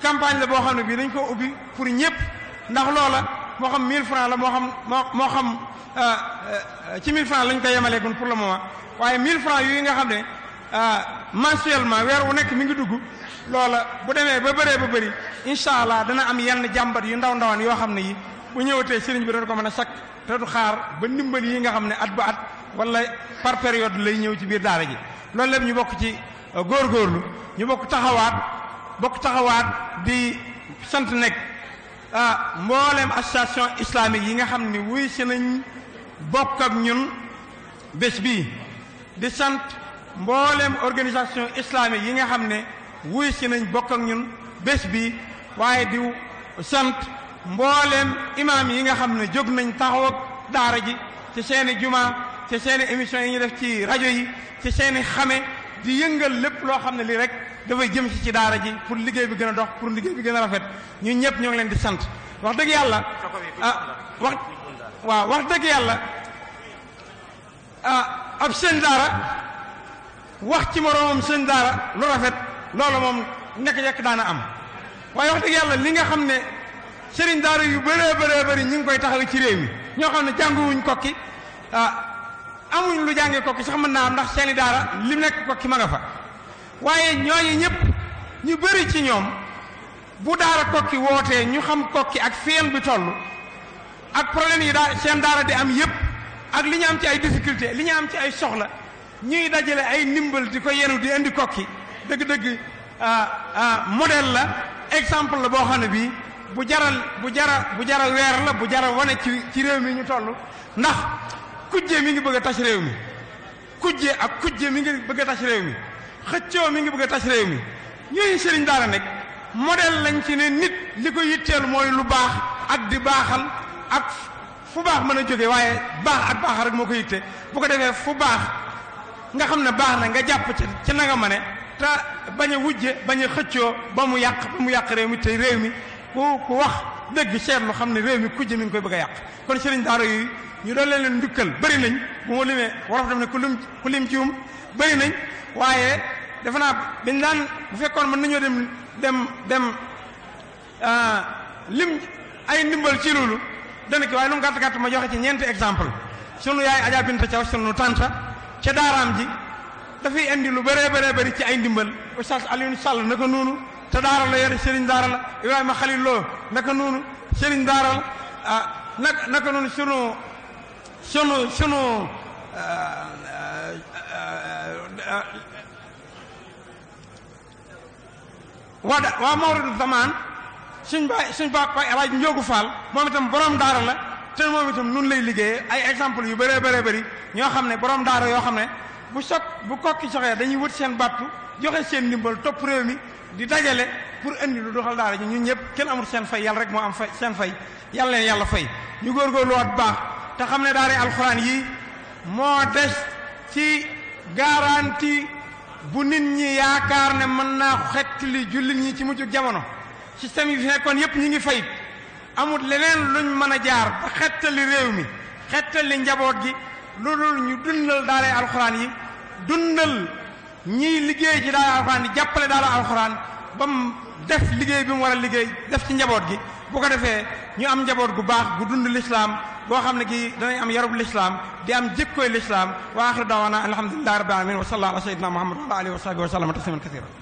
campagne la boo xam ne bii dañ koo ubbi pour ñëpp ndax loola moo xam 1000 francs la moo xam moo moo xam euh, euh, ci 1000 francs lañ koy yemalee yemaleegun pour le moment waaye 1000 francs yooyu nga xam ne euh, mensuellement weer bu nekk mi ngi dugg loola bu demee ba bëree ba bëri incha allah dana am yenn jàmbat yu ndaw ndawaan yoo xam ne yi bu ñëwatee sëriñ bi doon ko mën a sakk te xaar ba ndimbal yi nga xam ne at ba at wala par période lay ñëw ci biir daara ji loolu lépp ñu bokk ci góor góorgóorlu ñu bokk taxawaat bokk taxawaat di sant nekk Ah, mboolem association islamique yi nga xam ni wuy si nañ bokk ak ñun bés bi di sant mboolem organisation islamique yi nga xam ne wuy si nañ bokk ak ñun bés bi waaye di sant mboolem imaam yi nga xam ne jóg nañ taxaw ak daara ji ci seeni juma ci seeni émission yi ñu def ci rajo yi ci seeni xame di yëngal lépp loo xam ne lii rek dafay jëm ci ci daara ji pour liggéey bi gën a dox pour liggéey bi gën a rafet ñun ñëpp ñoo leen di sant wax dëgg yàlla ah wax waaw wax dëgg yàlla ah ab seen daara wax ci moroomam seen daara lu rafet loolu moom nekk-nekk daana am waaye wax dëgg yàlla li nga xam ne sëriñ daara yu bëree bëree bëri ñu ngi koy taxawee ci réew mi ñoo xam ne jànguwuñ kokki ah, amuñu lu jàngi kokki sax mën naa am ndax seeni daara li nekk kokki ma nga fa waaye ñooñu ñëpp ñu bëri ci ñoom bu daara kokki wootee ñu xam kokki ak feen bi toll ak problème yi daa seen daara di am yëpp ak li ñu am ci ay difficulté li ñu am ci ay soxla ñuy dajale ay ndimbal di ko yenu di indi kokki dëgg-dëgg ah, ah, modèle la exemple la boo xam ne bii bu jara bu jara bu jara weer la bu jara wane ci ci réew mi ñu toll ndax kujjee mi ngi bëgg a tas réew mi kujjee ak kujjee mi ngi bëgg a tas réew mi xëccoo mi ngi bëgg a tas réew mi ñooñu sëriñ daara nekk modèle lañ ci ne nit li ko yitteel mooy lu baax ak di baaxal ak fu baax mën a jóge waaye baax ak baaxal rek moo ko yitte bu ko defee fu baax nga xam ne baax na nga jàpp ci ci na ma ne te bañ wujje bañ a xëccoo ba mu yàq ba mu yàq réew mi te réew mi ku ku wax dëgg seetlu xam ne réew mi kujje mi ngi koy bëgg a yàq kon ñu doon leen leen ndukkal bëri nañ bu ma limee wolof daf ne ku lim ku lim ci um waaye defe naa dañ daan bu fekkoon mën nañoo dem dem dem ah, lim ay ndimbal ci loolu dana ki waaye lu mu gàtt gàtt ma joxe ci ñeenti exemple sunu yaay Adja Binta Thiaw sunu tanta ca daaraam ji dafay indi lu bëree bëree bari ci ay ndimbal Oustaz Alioune Sall naka noonu te daara la yore Serigne Daara la Ibrahima Khalil Lo naka noonu Serigne Daara la ah, naka naka sunu sunu sunu wada eh, eh, eh, waa mawridu zamaan suñ ba suñ ba alaaj njoogu faal moom itam borom daara la te moom itam nun lay liggéeye ay exemple yu bëree bëree bëri ñoo xam ne borom daara yoo xam ne bu soog bu kokki soxee dañuy wut seen battu joxe seen ndimbal topp réew mi di dajale pour indi lu doxal daara ji ñun ñëpp kenn amul seen fay yàlla rek moo am fay seen fay yàlla leen yàlla fay ñu góorgóorluwaat bu baax te xam ne daara alxuraan yi moo des ci garantie bu nit ñi yaakaar ne mën naa xett li jullit ñi ci mujj jamono ci yi fi nekkoon yépp ñu ngi fayit amut leneen luñ mën a jaar ba xettali réew mi xettali njaboot gi loolu ñu dundal daaray alxuraan yi dundal ñiy liggéey ci daaray alxuraan yi jàppale daara alxuraan ba def liggéey bi mu war a liggéey def ci njaboot gi bu ko defee ñu am njaboot gu baax gu dund lislaam boo xam ne gi danañ am yarub lislaam di am jikkoy lislaam wa axiru daawaana alhamdulillahi rabbil alamin wa sallallahu ala sayyidina muhammad wa ala alihi wa sahbihi wa sallam tasliman kasiran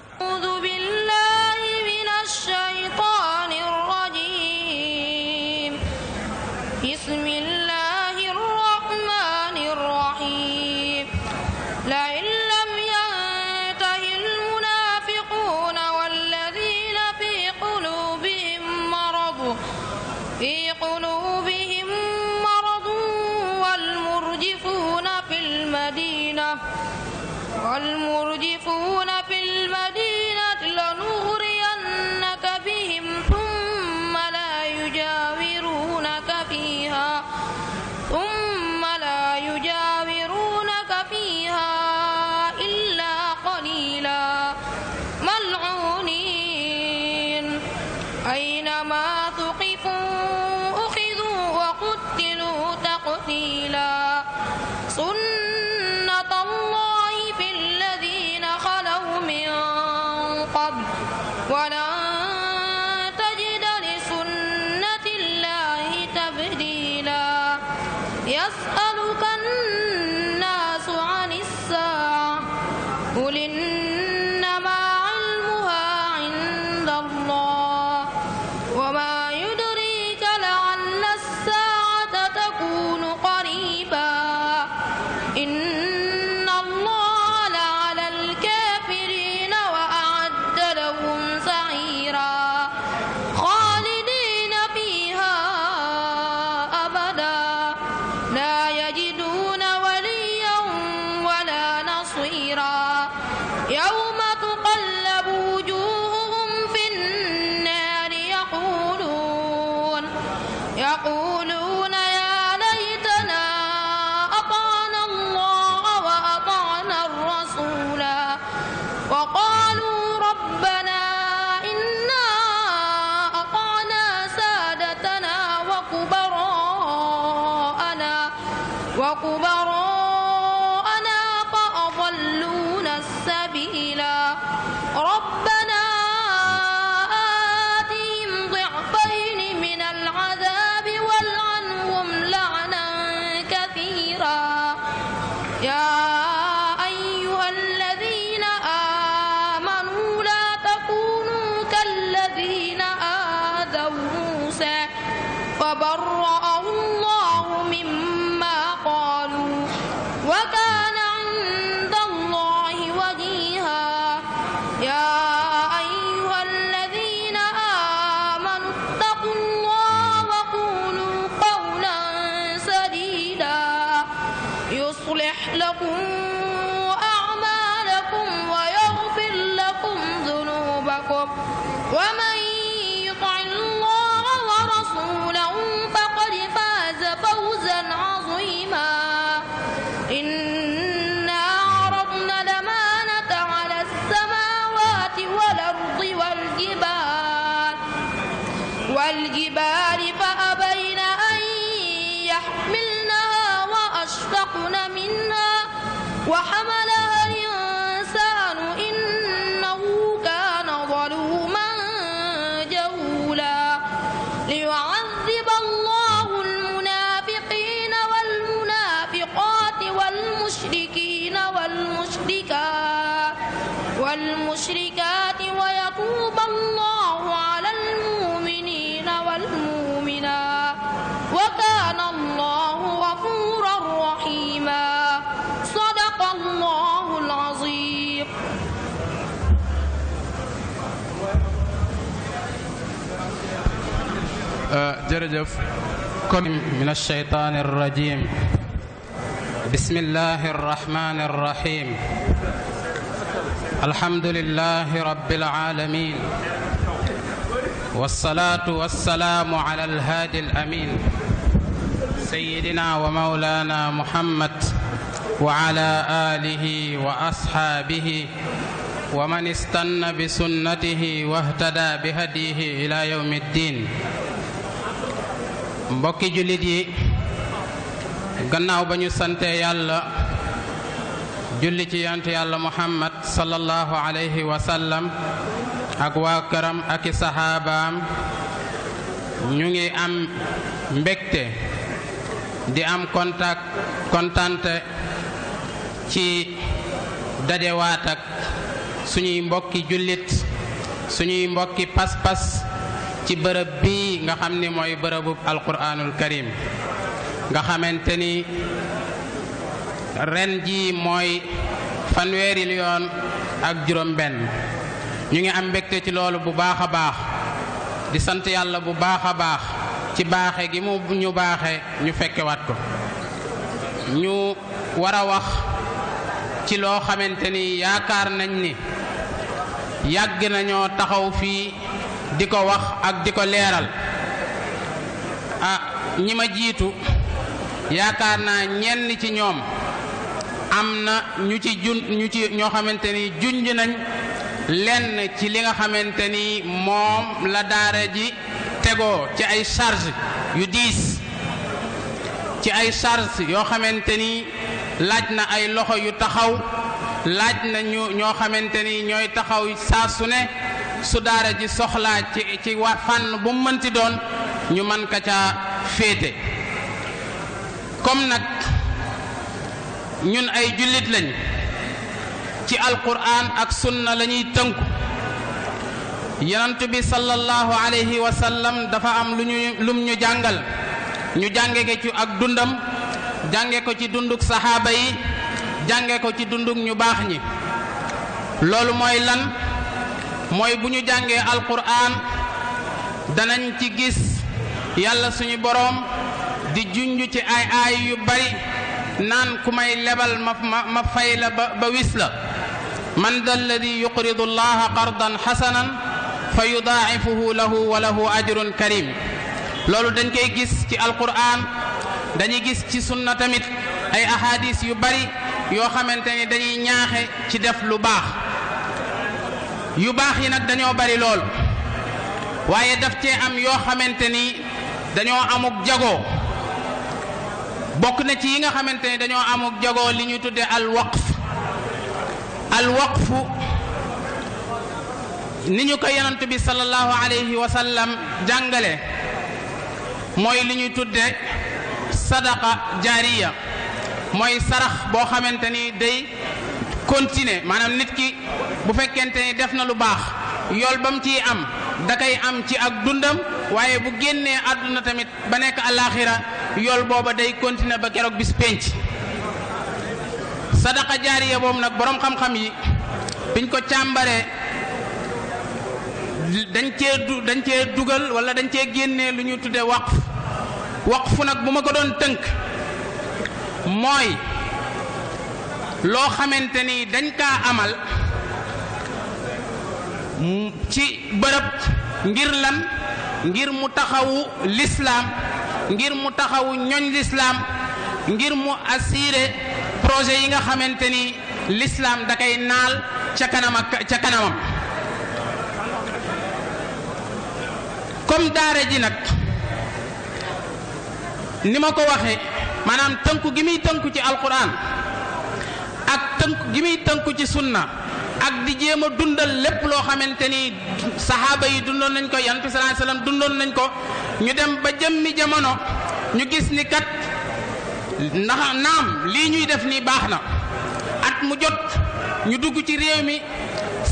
ينفقون ولا والجبال فأبين أن يحملنها وأشفقن منها وحمل jërëjëf kon min alsheytaan arrajim bismillahi arrahmani arrahim alhamdulilahi rabbil alamin wasalaatu wasalaamu ala alhaadi alamin sayidina wa maulana muhammad wa ala alihi wa ashaabihi wa man istanna bi sunnatihi wa htada bi hadihi ila yawmi ddin mbokki jullit yi gannaaw ba ñu santee yàlla julli ci yonent yàlla muhammad sallallahu alayhi wa ak waa këram ak i saxaabaam ñu ngi am mbégte di am contact kontante ci dajewaat ak suñuy mbokki jullit suñuy mbokki pas-pas ci bërëb bii nga xam ni mooy bërëbub alquranul karim nga xamante ni ren jii mooy fanweeri yoon ak juróom-benn ñu ngi am mbégte ci loolu bu baax a baax di sant yàlla bu baax a baax ci baaxe gi mu ñu baaxe ñu fekkewaat ko ñu war a wax ci loo xamante ni yaakaar nañ ni yàgg nañoo taxaw fii di ko wax ak di ko leeral a ñi ma jiitu yaakaar naa ñenn ci ñoom am na ñu ci jun ñu ci ñoo xamante ni junj nañ lenn ci li nga xamante ni moom la daara ji tegoo ci ay charge yu diis ci ay charge yoo xamante ni laaj na ay loxo yu taxaw laaj na ñoo xamante ni ñooy taxaw saa su ne sudaara ji soxlaa ci ci wa fànn bu mënti doon ñu mën ko ca féete comme nag ñun ay jullit lañ ci alquran ak sunna lañuy tënku yonent bi sallallahu alayhi wa sallam dafa am lu ñu lum ñu jàngal ñu jànge ko ci ak dundam jànge ko ci dunduk saxaaba yi jànge ko ci dunduk ñu baax ñi loolu mooy lan mooy bu ñu jàngee alquran danañ ci gis yàlla suñu boroom di junj ci ay aay yu bari naan ku may lebal ma ma fay la ba wis la man da alladi yuqridu allaha qardan xasana fa yudaacifuhu lahu wa lahu ajrun loolu dañ koy gis ci alquran dañuy gis ci sunna tamit ay ahadis yu bari yoo xamante ni dañuy ñaaxe ci def lu baax yu baax yi nag dañoo bari lool waaye daf cee am yoo xamante ni dañoo amuk jagoo bokk na ci yi nga xamante ni dañoo amuk jagoo li ñu tudde al waqf al waqfu ni ñu ko yonent bi sallallahu alayhi wa sallam jàngale mooy li ñu tudde sadaqa jaariya mooy sarax boo xamante ni day continuer maanaam nit ki bu fekkente ne def na lu baax yool ba mu ciy am da kay am ci ak dundam waaye bu génnee àdduna tamit ba nekk àllaaxira yool booba day continuer ba keroog bis pénc sadaqa jaariya boobu nag boroom xam-xam yi biñ ko càmbaree dañ cee du dañ cee dugal wala dañ cee génnee lu ñu tuddee waqf fu nag bu ma ko doon tënk mooy loo xamante ni dañ kaa amal ci bërëb ngir lan ngir mu taxawu lislaam ngir mu taxawu ñoñ lislaam ngir mu assurer projet yi nga xamante ni lislaam da kay naal ca kanam ak ca kanamam comme daara ji nag ni ma ko waxee maanaam tënku gi muy tënku ci alquran ak tënk gi muy tënku ci sunna ak di jéem a dundal lépp loo xamante ni saxaaba yi dundoon nañ ko yonent bi sallallahu dundoon nañ ko ñu dem ba jëmmi jamono ñu gis ni kat ndax naam lii ñuy def nii baax na at mu jot ñu dugg ci réew mi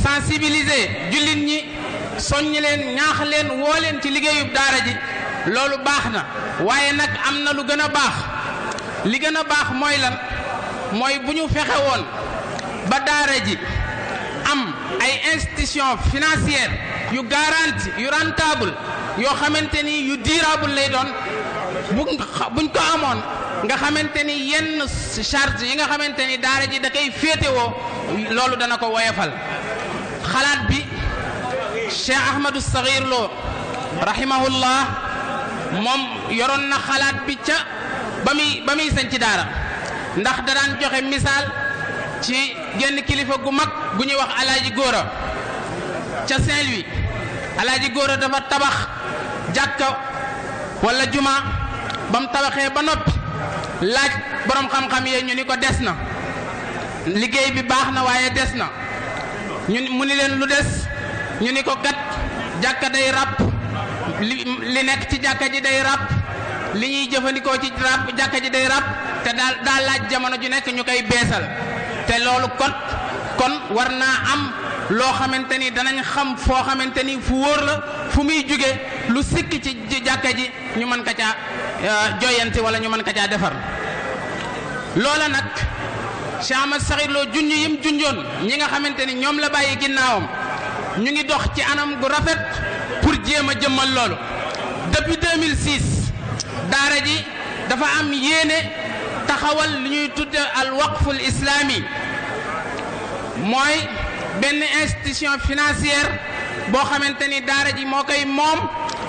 sensibilise jullit ñi soññ leen ñaax leen woo leen ci liggéeyub daara ji loolu baax na waaye nag am na lu gën a baax li gën a baax mooy lan mooy bu ñu fexe ba daara ji am ay institution financière yu garanti yu rentable yoo xamante ni yu durable lay doon bu ko amoon nga xamante ni yenn charge yi nga xamante ni daara ji da koy féetewoo loolu dana ko woyefal xalaat bi Cheikh Ahmadou Saxiir Lo rahimahullah moom yoroon na xalaat bi ca ba muy ba muy sañ ci daara ndax da daan joxe misaal ci genn kilifa gu mag gu ñuy wax alaaji góora ca Saint-Louis alaaji góora dafa tabax jàkka wala juma ba mu tabaxee ba noppi laaj borom xam-xam yee ñu ni ko des na liggéey bi baax na waaye des na ñu mu ni leen lu des ñu ni ko gat jàkka day ràpp li li nekk ci jàkka ji day ràpp li ñuy jëfandikoo ci ràpp jàkka ji day ràpp te daal daal laaj jamono ju nekk ñu koy beesal te loolu kon kon war naa am loo xamante ni danañ xam foo xamante ni fu wóor la fu muy jóge lu sikk ci jàkka ji ñu mën ka caa euh, joyanti wala ñu mën ka caa defar loola nag Cheikh Ahmad Sakhir Lo junj yim junjoon ñi nga xamante ni ñoom la bàyyi ginnaawam ñu ngi dox ci anam gu rafet pour jéem a jëmmal loolu depuis 2006 daara ji dafa am yéene taxawal lu ñuy tudde al waqful islaami mooy benn institution financière boo xamante ni daara ji moo koy moom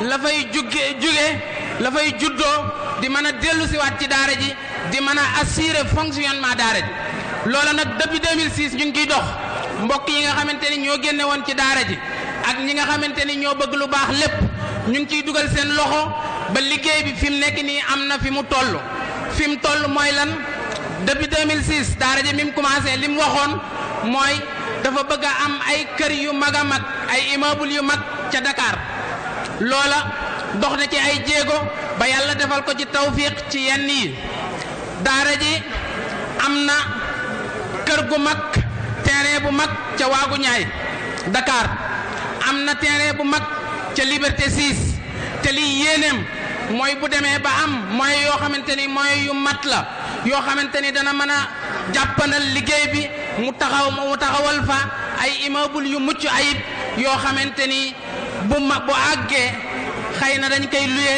la fay jugge jóge la fay juddoo di mën a dellu siwaat ci daara ji di mën a assurer fonctionnement daara ji loola nag depuis 2006 ñu ngi kiy dox mbokk yi nga xamante ni ñoo génne woon ci daara ji ak ñi nga xamante ni ñoo bëgg lu baax lépp ñu ngi ciy dugal seen loxo ba liggéey bi fi mu nekk nii am na fi mu toll fi mu toll mooy lan depuis 2006 daara ji mi mu commencé li mu waxoon mooy dafa bëgg a am ay kër yu mag a mag ay immeuble yu mag ca Dakar loola dox na ci ay jéego ba yàlla defal ko ci tawfiq ci yenn yi daara ji am na kër gu mag terrain bu mag ca waagu ñaay Dakar am na terrain bu mag ca Liberté 6 te lii yéeneem mooy bu demee ba am mooy yoo xamante ni mooy yu mat la yoo xamante ni dana mën a jàppanal liggéey bi mu taxaw mu taxawal fa ay immeuble yu mucc ayib yoo xamante ni bu ma bu àggee xëy na dañ koy luye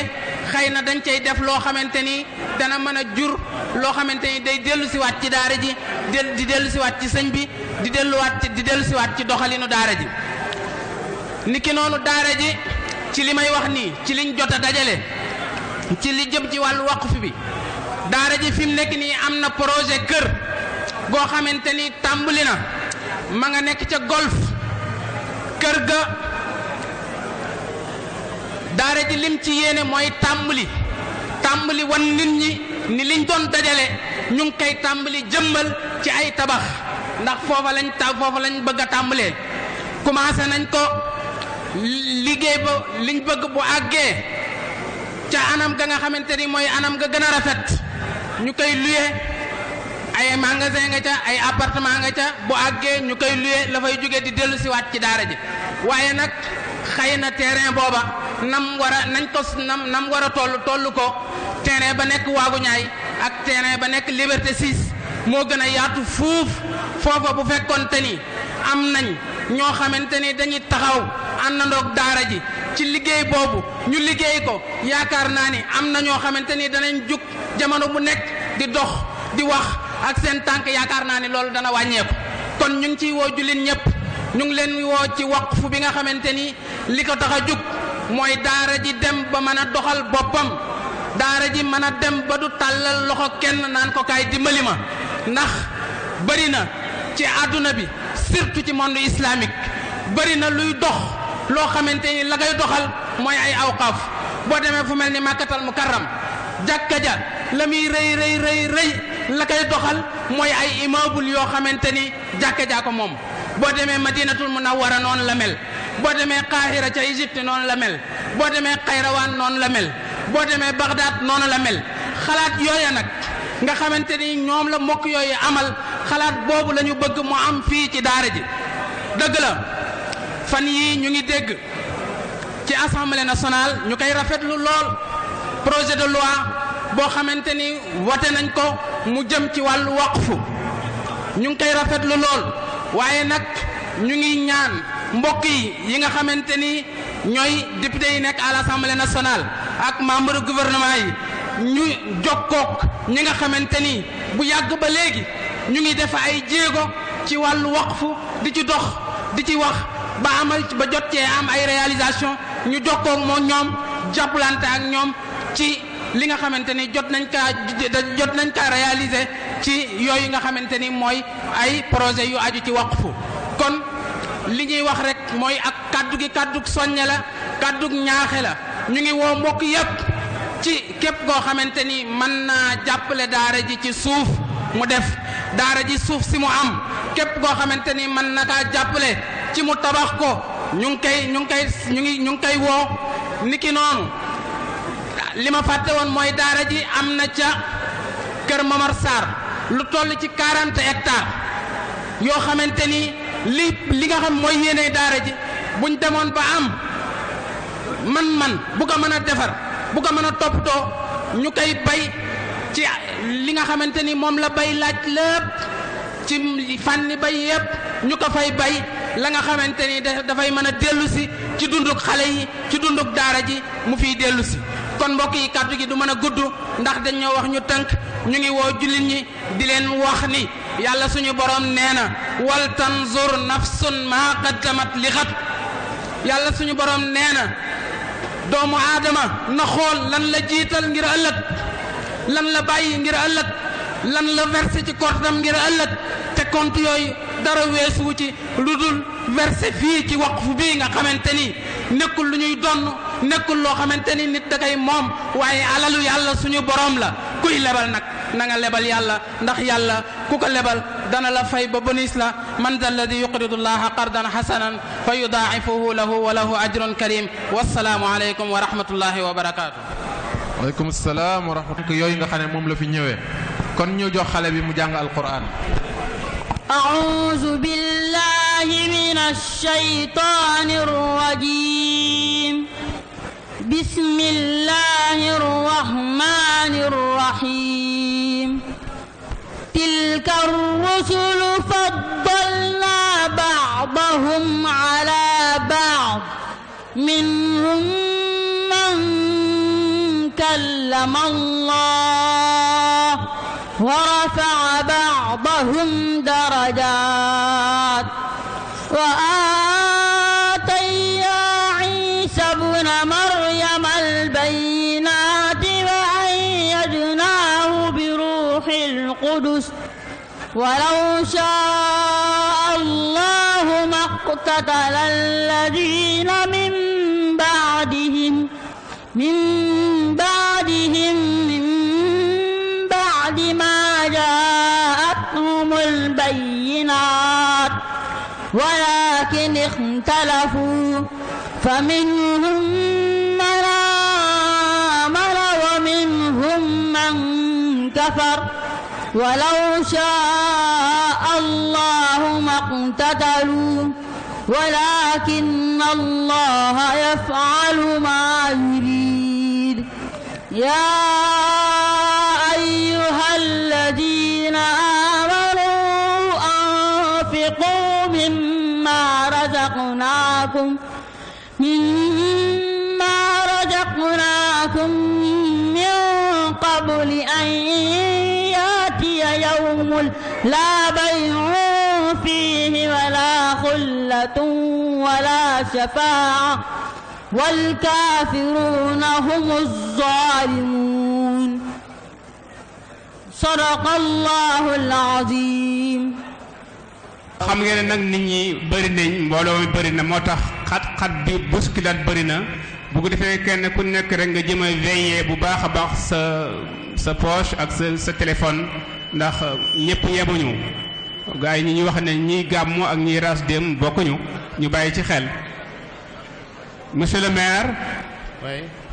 xëy na dañ cay def loo xamante ni dana mën a jur loo xamante ni day dellusiwaat ci daara ji di dellusiwaat ci sëñ bi di delluwaat ci di dellusiwaat ci doxalinu daara ji niki noonu daara ji ci li may wax nii ci liñ jot a dajale ci li jëm ci wàllu waqf bi daara ji fim nekk nii am na projet kër goo xamante ni tàmbali na ma nga nekk ca golf kër ga daara ji lim ci yéene mooy tàmbali tàmbali wan nit ñi ni liñ doon dajale ñu ngi koy tàmbali jëmbal ci ay tabax ndax foofa lañ ta foofa lañ bëgg a tàmbalee commencé nañ ko liggéey ba liñ bëgg bu àggee ca anam ga nga xamante ni mooy anam nga gën a rafet ñu koy luye ay magasin nga ca ay appartement nga ca bu àggee ñu koy luye la fay jóge di dellu siwaat ci daara ji waaye nag xëy na terrain booba nam war nañ ko nam nam war a toll toll ko terrain ba nekk waagu ñaay ak terrain ba nekk liberté 6 moo gën a yaatu fuuf foofa bu fekkoonte ni am nañ ñoo xamante ni dañuy taxaw àndandoog daara ji ci liggéey boobu ñu liggéey ko yaakaar naa ni am na ñoo xamante ni danañ jug jamono bu nekk di dox di wax ak seen tànk yaakaar naa ni loolu dana wàññeeku kon ñu ngi ciy woo jullit ñépp ñu ngi leen woo ci waqfu bi nga xamante ni li ko tax a jug mooy daara ji dem ba mën a doxal boppam daara ji mën a dem ba du tàllal loxo kenn naan ko kaay dimbali ma ndax bari na ci àdduna bi surtout ci monde islamique bari na luy dox loo xamante ni la kay doxal mooy ay awqaaf boo demee fu mel ni màkkatal mukarram jàkka ja la muy rëy rëy rëy rëy la koy doxal mooy ay immeuble yoo xamante ni jàkka jaa ko moom boo demee madinatul munawwara noonu la mel boo demee Qahira ca Égypte noonu la mel boo demee Xayrawaan noonu la mel boo demee Bagdad noonu la mel xalaat yooya nag nga xamante ni ñoom la mbokk yooyu amal xalaat boobu la ñu bëgg mu am fii ci daara ji dëgg la fan yii ñu ngi dégg ci assemblée nationale ñu koy rafetlu lool projet de loi boo xamante ni wote nañ ko mu jëm ci wàllu waqfu ñu ngi koy rafetlu lool waaye nag ñu ngi ñaan mbokk yi yi nga xamante ni ñooy député yi nekk à l'assemblée nationale ak membre gouvernement yi ñu jokkook ñi nga xamante ni bu yàgg ba léegi ñu ngi def ay jéego ci wàll waqfu di ci dox di ci wax ba amal ba jot cee am ay réalisation ñu jokkoo moo ñoom jàppalante ak ñoom ci li nga xamante ni jot nañ kaa jot nañ kaa réaliser ci yooyu nga xamante ni mooy ay projet yu aju ci waqfu kon li ñuy wax rek mooy ak kaddu gi kaddu soññe la kaddu ñaaxe la ñu ngi woo mbokk yépp ci képp koo xamante ni mën naa jàppale daara ji ci suuf mu def daara ji suuf si mu am képp koo xamante ni mën na kaa jàppale ci mu tabax ko ñu ngi koy ñu ngi koy ñu ngi ñu ngi koy woo niki noonu li ma fàtte woon mooy daara ji am na ca kër Momar Sarr lu toll ci 40 hectares yoo xamante ni li li nga xam mooy yéene daara ji buñ demoon ba am man-man bu ko mën a defar bu ko mën a toppatoo ñu koy bay ci li nga xamante ni moom la bay laaj lépp ci fànni bay yépp ñu ko fay bay la nga xamante ni dafay mën a dellu si ci dunduk xale yi ci dunduk daara ji mu fiy dellusi kon mbokk yi kàddu gi du mën a gudd ndax dañ ñoo wax ñu tënk ñu ngi woo jullit ñi di leen wax ni yàlla suñu borom nee na wal tanzur nafsun maa qaddamat li xat suñu borom nee na doomu aadama na xool lan la jiital ngir ëllëg lan la bàyyi ngir ëllëg lan la versé ci kortam ngir ëllëg compte yooyu dara weesuwu ci lu dul verser fii ci waqfu bii nga xamante ni nekkul lu ñuy donn nekkul loo xamante ni nit da koy moom waaye alalu yàlla suñu borom la kuy lebal nag nanga lebal yàlla ndax yàlla ku ko lebal dana la fay ba bonis la man da alladi yuqridu llaha qardan xasanan fa yudaa'ifuhu lahu wa lahu ajrun karim wassalaamu aleykum wa rahmatullahi wa barakaatu aleykum salaam wa rahmatullahi yooyu nga xam ne moom la fi ñëwee kon ñu jox xale bi mu jàng alquran أعوذ بالله من الشيطان الرجيم بسم الله الرحمن الرحيم تلك الرسل فضلنا بعضهم على بعض منهم من كلم الله ورفع بعضهم درجات وآتينا عيسى ابن مريم البينات وأيدناه بروح القدس ولو شاء الله ما اقتتل الذين من بعدهم من البينات ولكن اختلفوا فمنهم من آمن ومنهم من كفر ولو شاء الله ما اقتتلوا ولكن الله يفعل ما يريد يا رزقناكم مما رزقناكم من قبل أن يأتي يوم لا بيع فيه ولا خلة ولا شفاعة والكافرون هم الظالمون صدق الله العظيم xam ngeen nag nit ñi bëri nañ mbooloo mi bëri na moo tax xat-xat bi bousculade bari na bu ko defee kenn ku nekk rek nga jëm a veiller bu baax a baax sa sa poche ak sa sa téléphone ndax ñëpp yemuñu gars yi ñi ñu wax ne ñiy gàmmu ak ñiy ras dem bokkuñu ñu bàyyi ci xel monsieur le maire.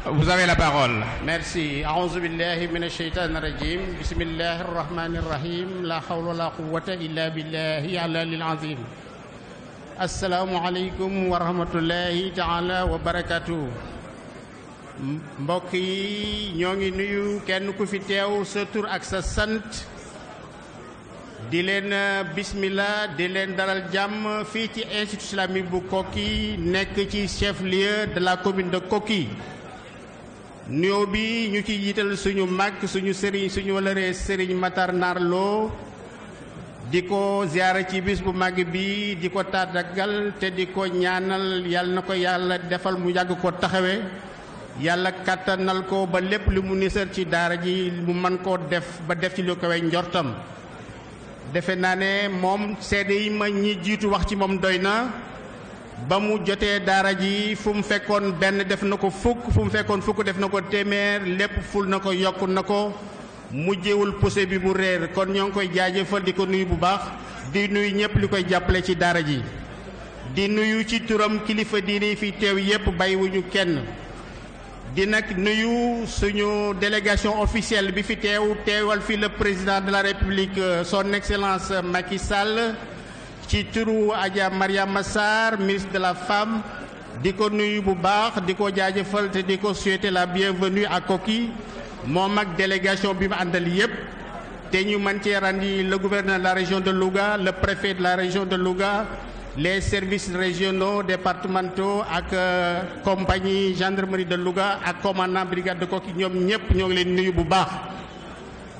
Vous avez la parole. Merci. A'uuzu rajiim. Bismillahir rahmaanir rahiim. La hawla la quwwata illa billahi aleykum wa rahmatullahi wa barakaatuh. Mbokk yi ñoo ngi nuyu kenn ku fi teew sa tur ak sa sant. di leen bismillah di leen dalal jàmm fii ci institut islamique bu Koki nekk ci chef lieu de la commune de Koki. nuyoo bi ñu ci jiital suñu màgg suñu sëriñ suñu walëree sëriñ Matar Narlo di ko ziyaara ci bis bu màgg bi di ko tàggal te di ko ñaanal yàlla na ko yàlla defal mu yàgg ko taxawe yàlla kàttanal ko ba lépp li mu nisar ci daara ji mu mën koo def ba def ci lu kawe njortam defe naa ne moom seede yi ma ñi jiitu wax ci moom doy na ba mu jotee daara ji fu mu fekkoon benn def na ko fukk fu mu fekkoon fukk def na ko téeméer lépp ful na ko yokk na ko mujjewul poussé bi mu réer kon ñoo ngi koy jaajëfal di ko nuyu bu baax di nuyu ñëpp li koy jàppale ci daara ji di nuyu ci turam kilifa di diini fi teew yépp bàyyiwuñu kenn di nag nuyu suñu délégation officielle bi fi teew teewal fi le président de la république euh, son excellence euh, Macky Sall ci turu Adja maria massar ministre de la femme di ko nuyu bu baax di ko jaajëfal te di ko souhaiter la bienvenue ak Koki moom ak délégation bi mu àndal yépp te ñu mën cee ràññi le gouverneur de la région de Louga le préfet de la région de Louga les services régionaux départementaux ak euh, compagnie gendarmerie de Louga ak commandant brigade de Koki ñoom ñëpp ñoo ngi leen nuyu bu baax.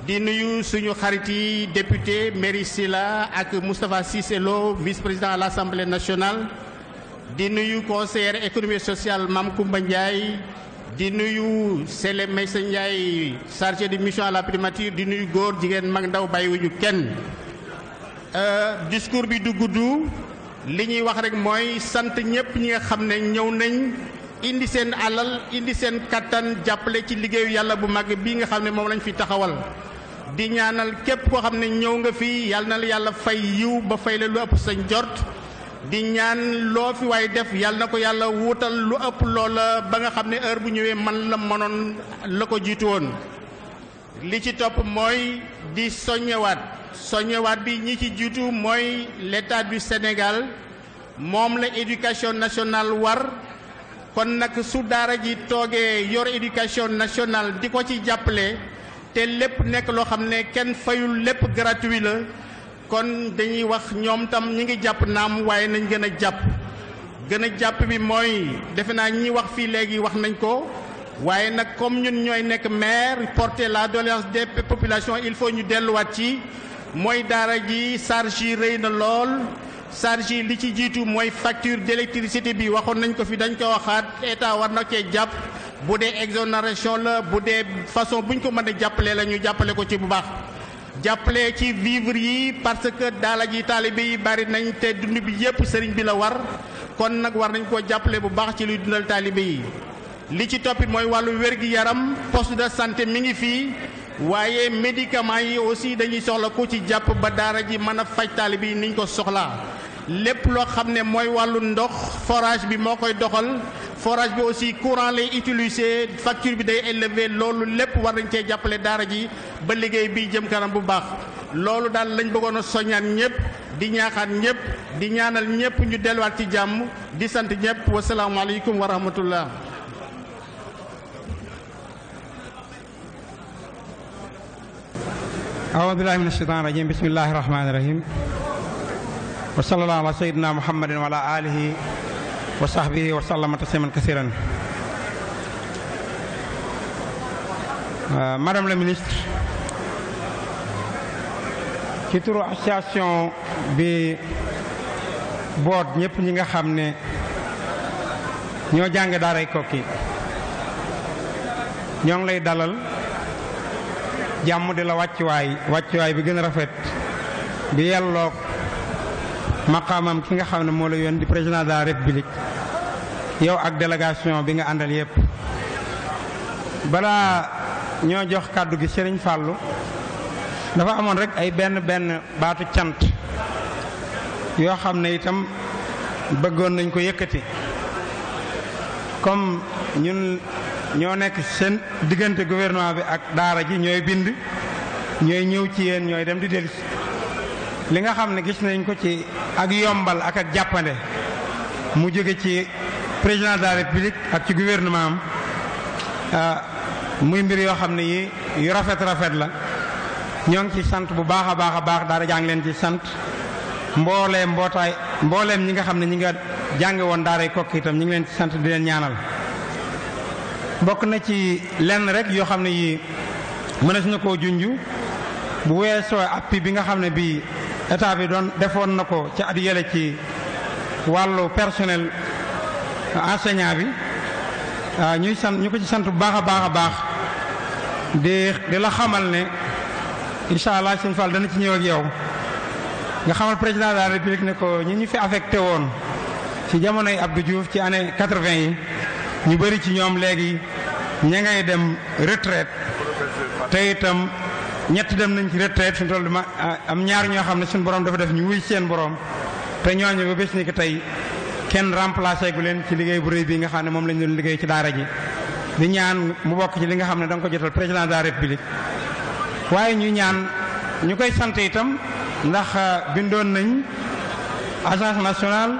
di nuyu suñu xarit yi député Merry Sylla ak Moustapha Cissé Lo vice-président à l'Assemblée nationale di nuyu conseiller économie sociale Mame Koumba Ndiaye di nuyu Sélé Meyssa Ndiaye chargé de mission à la primature di nuyu góor jigéen mag ndaw bàyyiwuñu kenn euh, discours bi du gudd li ñuy wax rek mooy sant ñëpp ñi nga xam ne ñëw nañ indi seen alal indi seen kattan jàppale ci liggéeyu yàlla bu mag bi nga xam ne moom lañ fi taxawal di ñaanal képp koo xam ne ñëw nga fii yàlla na la yàlla fay yiw ba fay la lu ëpp sa njort di ñaan loo fi waaye def yàlla na ko yàlla wutal lu ëpp loola ba nga xam ne heure bu ñëwee man la mënoon la ko jiitu woon li ci topp mooy di soññewaat soññewaat bi ñi ci jiitu mooy l'état du Sénégal moom la éducation nationale war kon nag su daara ji toogee yor éducation nationale di ko ci jàppale te lépp nekk loo xam ne kenn fayul lépp gratuit la kon dañuy wax ñoom tam ñi ngi jàpp naam waaye nañ gën a jàpp gën a jàpp bi mooy defe naa ñi wax fii léegi wax nañ ko waaye nag comme ñun ñooy nekk maire porter la doléance des populations il faut ñu delluwaat ci mooy daara ji charge rëy na lool chargé li ci jiitu mooy facture d'électricité bi waxoon nañ ko fi dañ ko waxaat état war na cee jàpp bu dee exonération la bu dee façon bu ñu ko mën a jàppalee la ñu jàppale ko ci bu baax jàppale ci vivre yi parce que daala ji taalibe yi bari nañ te dund bi yépp sëriñ bi la war kon nag war nañ ko jàppale bu baax ci luy dundal taalibe yi li ci toppi mooy wàllu wér-gi-yaram poste de santé mi ngi fii waaye médicaments yi aussi dañuy soxla ku ci jàpp ba daara ji mën a faj taalibe niñ ko soxlaa lépp loo xam ne mooy wàllu ndox forage bi moo koy doxal forage bi aussi courant lay utilise facture bi day élevé loolu lépp war nañ cee jàppale daara ji ba liggéey bi jëm kanam bu baax loolu daal lañ bëggoon a soññaan ñëpp di ñaaxaan ñëpp di ñaanal ñëpp ñu delluwaat ci jàmm di sant ñëpp wasalaamaaleykum wa rahmatullah aoudu billahi min asheytan rajim bismillahi wa sallallahu ala sayyidina muhammadin wa ala alihi wa sahbihi wa sallama tasliman kasiran euh, madame la ministre ci turu association bi boot ñëpp ñi nga xam ne ñoo jàng daaray Koki ñoo ngi lay dalal jàmm di la wàccuwaay wàccuwaay bi gën a rafet bi yelloog maqaamam ki nga xam ne moo la yoon di président de la république yow ak délégation bi nga àndal yépp balaa ñoo jox kàddu gi Serigne Fallou dafa amoon rek ay benn benn baatu cant yoo xam ne itam bëggoon nañ ko yëkkati comme ñun ñoo nekk seen diggante gouvernement bi ak daara ji ñooy bind ñooy ñëw ci yéen ñooy dem di dellusi li nga xam ne gis nañ ko ci ak yombal ak ak jàppande mu jóge ci président de la république ak ci guvernement am ah, muy mbir yoo xam ne yi yu rafet rafet la ñoo ngi ci sant bu baax a baax a baax daara jàng leen ci sant mbooleem mbootaay mbooleem ñi nga xam ne ñi nga jàng woon daaray Kokki itam ñi ngi leen ci sant di leen ñaanal bokk na ci lenn rek yoo xam ne yi mënees na koo junj bu weesoo appui bi nga xam ne bii état bi doon defoon na ko ci at yële ci wàllu personnel enseignant bi ah, ñuy sant ñu ko ci sant bu baax a baax a baax di di la xamal ne incha allah sëñ Fall dana ci ñëw ak yow nga xamal président de la république ne ko ñi ñu fi affecté woon ci jamono Abdou Diouf ci année quatre-vingt yi ñu bari ci ñoom léegi ña ngay dem retraite te ñetti dem nañ ci retraite fi mu toll ma am ñaar ñoo xam ne suñu borom dafa def ñu wuy seen borom te ñooñu ba bés ni ko tey kenn remplacé gu leen ci liggéey bu rëy bii nga xam ne moom lañ doon liggéey ci daara ji di ñaan mu bokk ci li nga xam ne danga nga ko jotal président de la république waaye ñu ñaan ñu koy sant itam ndax bindoon nañ agence nationale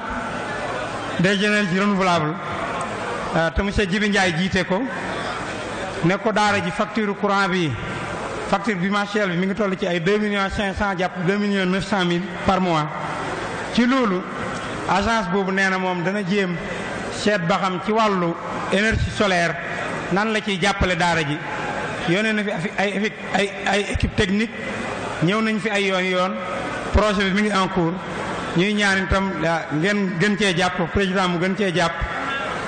des énergies renouvelables te monsieur Jibi njaay jiite ko ne ko daara ji facture courant bi facture bimensuelle bi mi ngi toll ci ay deux millions cinq cent jàpp deux millions neuf cent mille par mois ci loolu agence boobu nee na moom dana jéem seet ba xam ci wàllu énergie solaire nan la ciy jàppale daara ji yónnee na fi ay équipe ay ay équipe technique ñëw nañ fi ay yoon yoon projet bi mi ngi en cours ñuy ñaan itam ah, ngeen gën cee jàpp président mu gën cee jàpp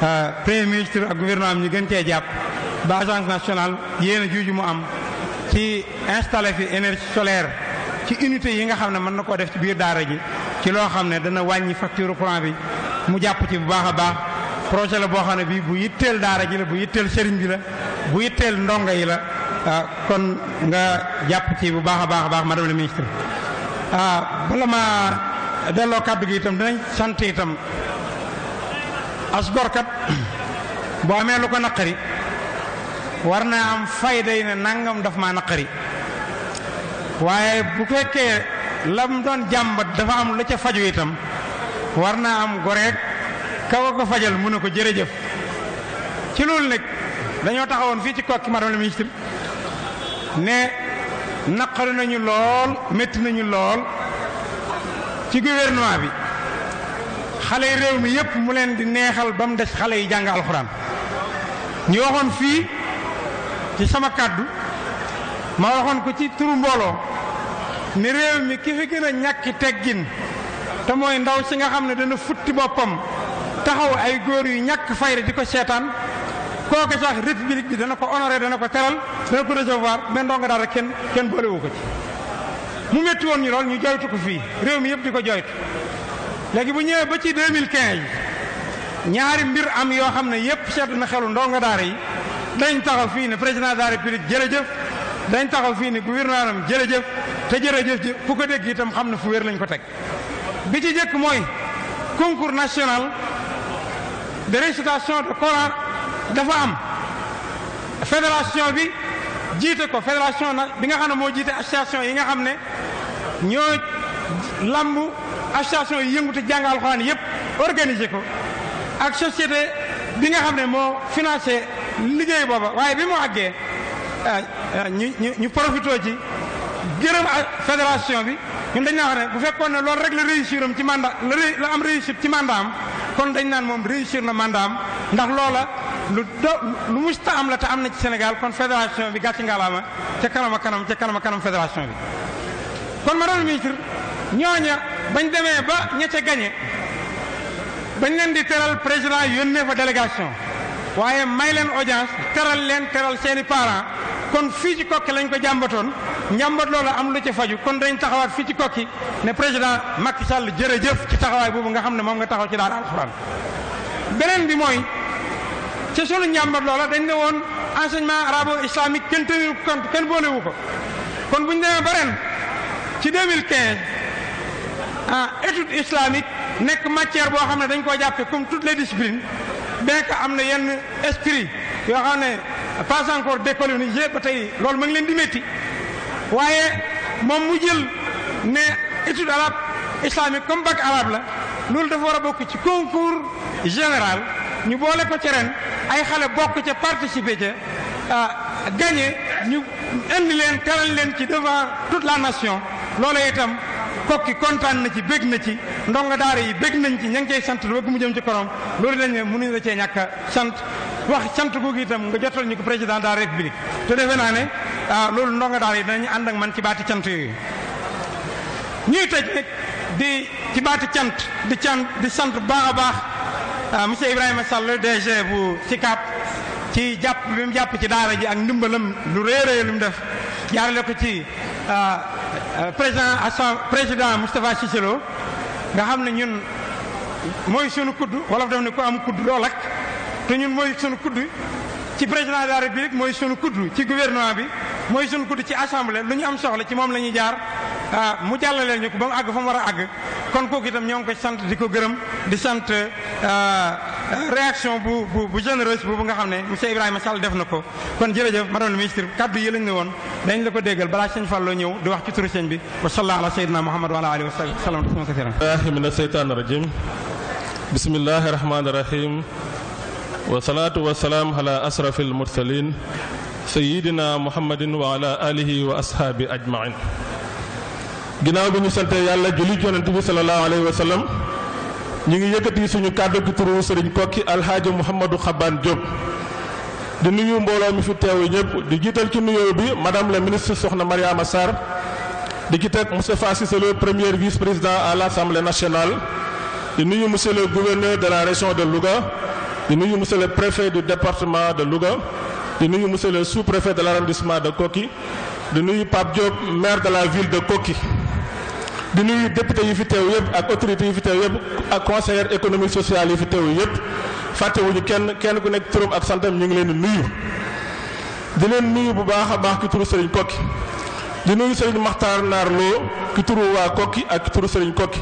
ah, premier ministre ak gouvernement am ñu gën cee jàpp ba agence nationale yéen a juuju mu am ci installé fi énergie solaire ci unité yi nga xam ne mën na koo def ci biir daara ji ci loo xam ne dana wàññi facture courant bi mu jàpp ci bu baax a baax projet la boo xam ne bii bu yitteel daara ji la bu yitteel sëriñ bi la bu yitteel ndongo yi la ah, kon nga jàpp ci bu baax a baax a baax madame la ministre ah bala ma delloo kàddu gi itam dinañ sant itam as gorkat boo amee lu ko naqari war naa am fayda yi ne nàngam daf maa naqari waaye bu fekkee la mu doon jàmbat dafa am lu ca faju itam war naa am goreek kaw ko fajal mu ne ko jërëjëf ci loolu nag dañoo taxawoon fii ci kokki madame la ministre ne naqari nañu lool métti nañu lool ci gouvernement bi xale yi réew mi yépp mu leen di neexal ba mu des xale yi jàng alxuraan ñu waxoon fii ci sama kàddu ma waxoon ko ci turu mbooloo ni réew mi ki fi gën a ñàkki teggin te mooy ndaw si nga xam ne dana futti boppam taxaw ay góor yu ñàkk fayda di ko seetaan kooku sax république bi dana ko honoré dana ko teral dana ko recevoir mais ndongo daara kenn kenn boolewu ko ci mu métti woon ñu lool ñu joytu ko fii réew mi yëpp di ko joytu léegi bu ñëwee ba ci 2015 ñaari mbir am yoo xam ne yëpp seet na xelu ndongo daara yi dañ taxaw fii ne président de la jërëjëf dañ taxaw fii ne gouverneur am jërëjëf te jërëjëf ji fu ko dégg itam xam ne fu wér lañ ko teg bi ci jëkk mooy concours national de récitation de Coran dafa am fédération bi jiite ko fédération na bi nga xam ne moo jiite association yi nga xam ne ñoo lamb association yi yëngu te jàng alxuraan yëpp organiser ko ak société bi nga xam ne moo financé liggéey booba waaye bi mu àggee ah, ah, ñu ñu ñu profité ci gërëm fédération bi ñun dañ naa wax ne bu fekkoon ne loolu rek la réussir ci mandat la am réussir ci mandat am kon dañ naan moom réussir na mandat am ndax loola lu do musta am la te am na ci Sénégal kon fédération bi gàcce ngalaama ca kanam a kanam ca kanam a kanam fédération bi. kon madame la ñooña bañ demee ba ña ca gañe bañ leen di teral président yónnee fa délégation. waaye may leen audience teral leen teral seeni i kon fii ci kokki lañ ko jàmbatoon njàmbat loolu am lu ci faju kon dañ taxawaat fii ci kokki ne président Macky Sall jëf ci taxawaay boobu nga xam ne moom nga taxaw ci daara alxuraan beneen bi mooy ci sunu njàmbat loola dañ ne woon enseignement arabo islamique kenn tëniwu ko kenn boolewu ko kon bu ñu demee ba ren ci 2015 ah étude islamique nekk matière boo xam ne dañ koo jàppe comme toutes les disciplines bien am na yenn esprit yoo xam ne pas encore décolonisé ba tey loolu ma leen di métti waaye moom mu jël ne étude arabe islamique comme bac arabe la loolu dafa war a bokk ci concours général ñu boole ko ci ren ay xale bokk ca participer ca ah euh, gagné ñu indi leen teral leen ci devant toute la nation loolu itam. kokki kontaan na ci bégg na ci ndongo daara yi bégg nañ ci ña ngi koy sant lu bëgg mu jëm ci korom loolu dañ ne mënuñu la cee ñàkk sant wax sant googu itam nga jotal ñu ko président de la république te defe naa ne ah, loolu ndongo daara yi danañ ànd ak man ci baati cant yooyu ñuy tëj nag di ci baati cant di cant di sant baax a baax ah, monsieur Ibrahima Sall DG bu SICAP ci jàpp bi mu jàpp ci daara ji ak ndimbalam lu réeréer lu mu def jaarale ko ci ah, Euh, président assemblée président Moustapha Cissé nga xam ne ñun mooy sunu kudd wolof def ne ku am kudd lool ak te ñun mooy sunu kudd ci président de la république mooy sunu kudd ci gouvernement bi mooy sunu kudd ci assemblée lu ñu am soxla ci moom la ñuy jaar Ah, mu jàllaleel ñu ko ba mu àgg fa mu war a àgg kon kooku itam ñoo ngi ko sant di ko gërëm di sant ah, réaction bu bu bu généreuse boobu nga xam ne monsieur a Sall def na ko kon jërëjëf madame le ministre kaddu yi lañ ne woon dañ la ko déggal balaa sëñ Fallou ñëw di wax ci turu bi wa sallallahu ala sayyidina Muhammad wa ala alihi wa sallam aahi mina seytaani rajim bismillahi rahmaani rahim wasalaatu wasalaam ala asrafi almursalin sayidina muhammadin wa ala alihi wa ginnaaw bi ñu sante yàlla julli yonent bi sallallahu alayhi wa sallam ñu ngi yëkkati suñu kàddu gi turu sëriñ kokki alxaaji Mouhamadou Xabaan Diop di nuyu mbooloo mi fi teew ñëpp di jiital ci nuyoo bi madame la ministre soxna Mariama Sarr di ci teg Moustapha Cissé Lo premier vice président à l' assemblée nationale di nuyu monsieur le gouverneur de la région de Louga di nuyu monsieur le préfet du département de Louga di nuyu monsieur le sous préfet de l' arrondissement de Koki nuyu Pape Diop maire la ville de Koki di nuyu député yi fi teew yëpp ak autorités yi fi teew yëpp ak conseillers économique sociale yi fi teew yëpp fàttewuñu kenn kenn ku nekk turam ak santam ñu ngi leen di nuyu. di leen nuyu bu baax a baax ki turu Serigne Kokki di nuyu Serigne Makhtar Naar Lo ki turu waa Kokki ak ki turu Serigne Kokki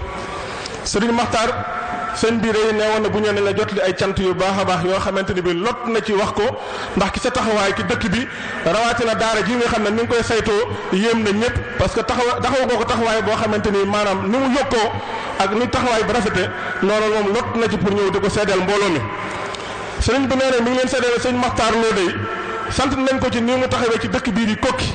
Serigne Makhtar. seen biir day nee woon na bu ñëwee nañ la jotli ay cant yu baax a baax yoo xamante ni bi lot na ci wax ko ndax ki sa taxawaay ki dëkk bi rawatina daara ji nga xam ne ni nga koy saytoo yéem na ñëpp parce que taxawa taxaw koo ko taxawaay boo xamante ni maanaam ni mu yokkoo ak ni taxawaay bi rafete loolu moom lot na ci pour ñëw di ko seedeel mbooloo mi sëriñ bi nee na mi ngi leen seedeel sëñ Maxtaar Lo day sant nañ ko ci ni mu taxawee ci dëkk bii di kokki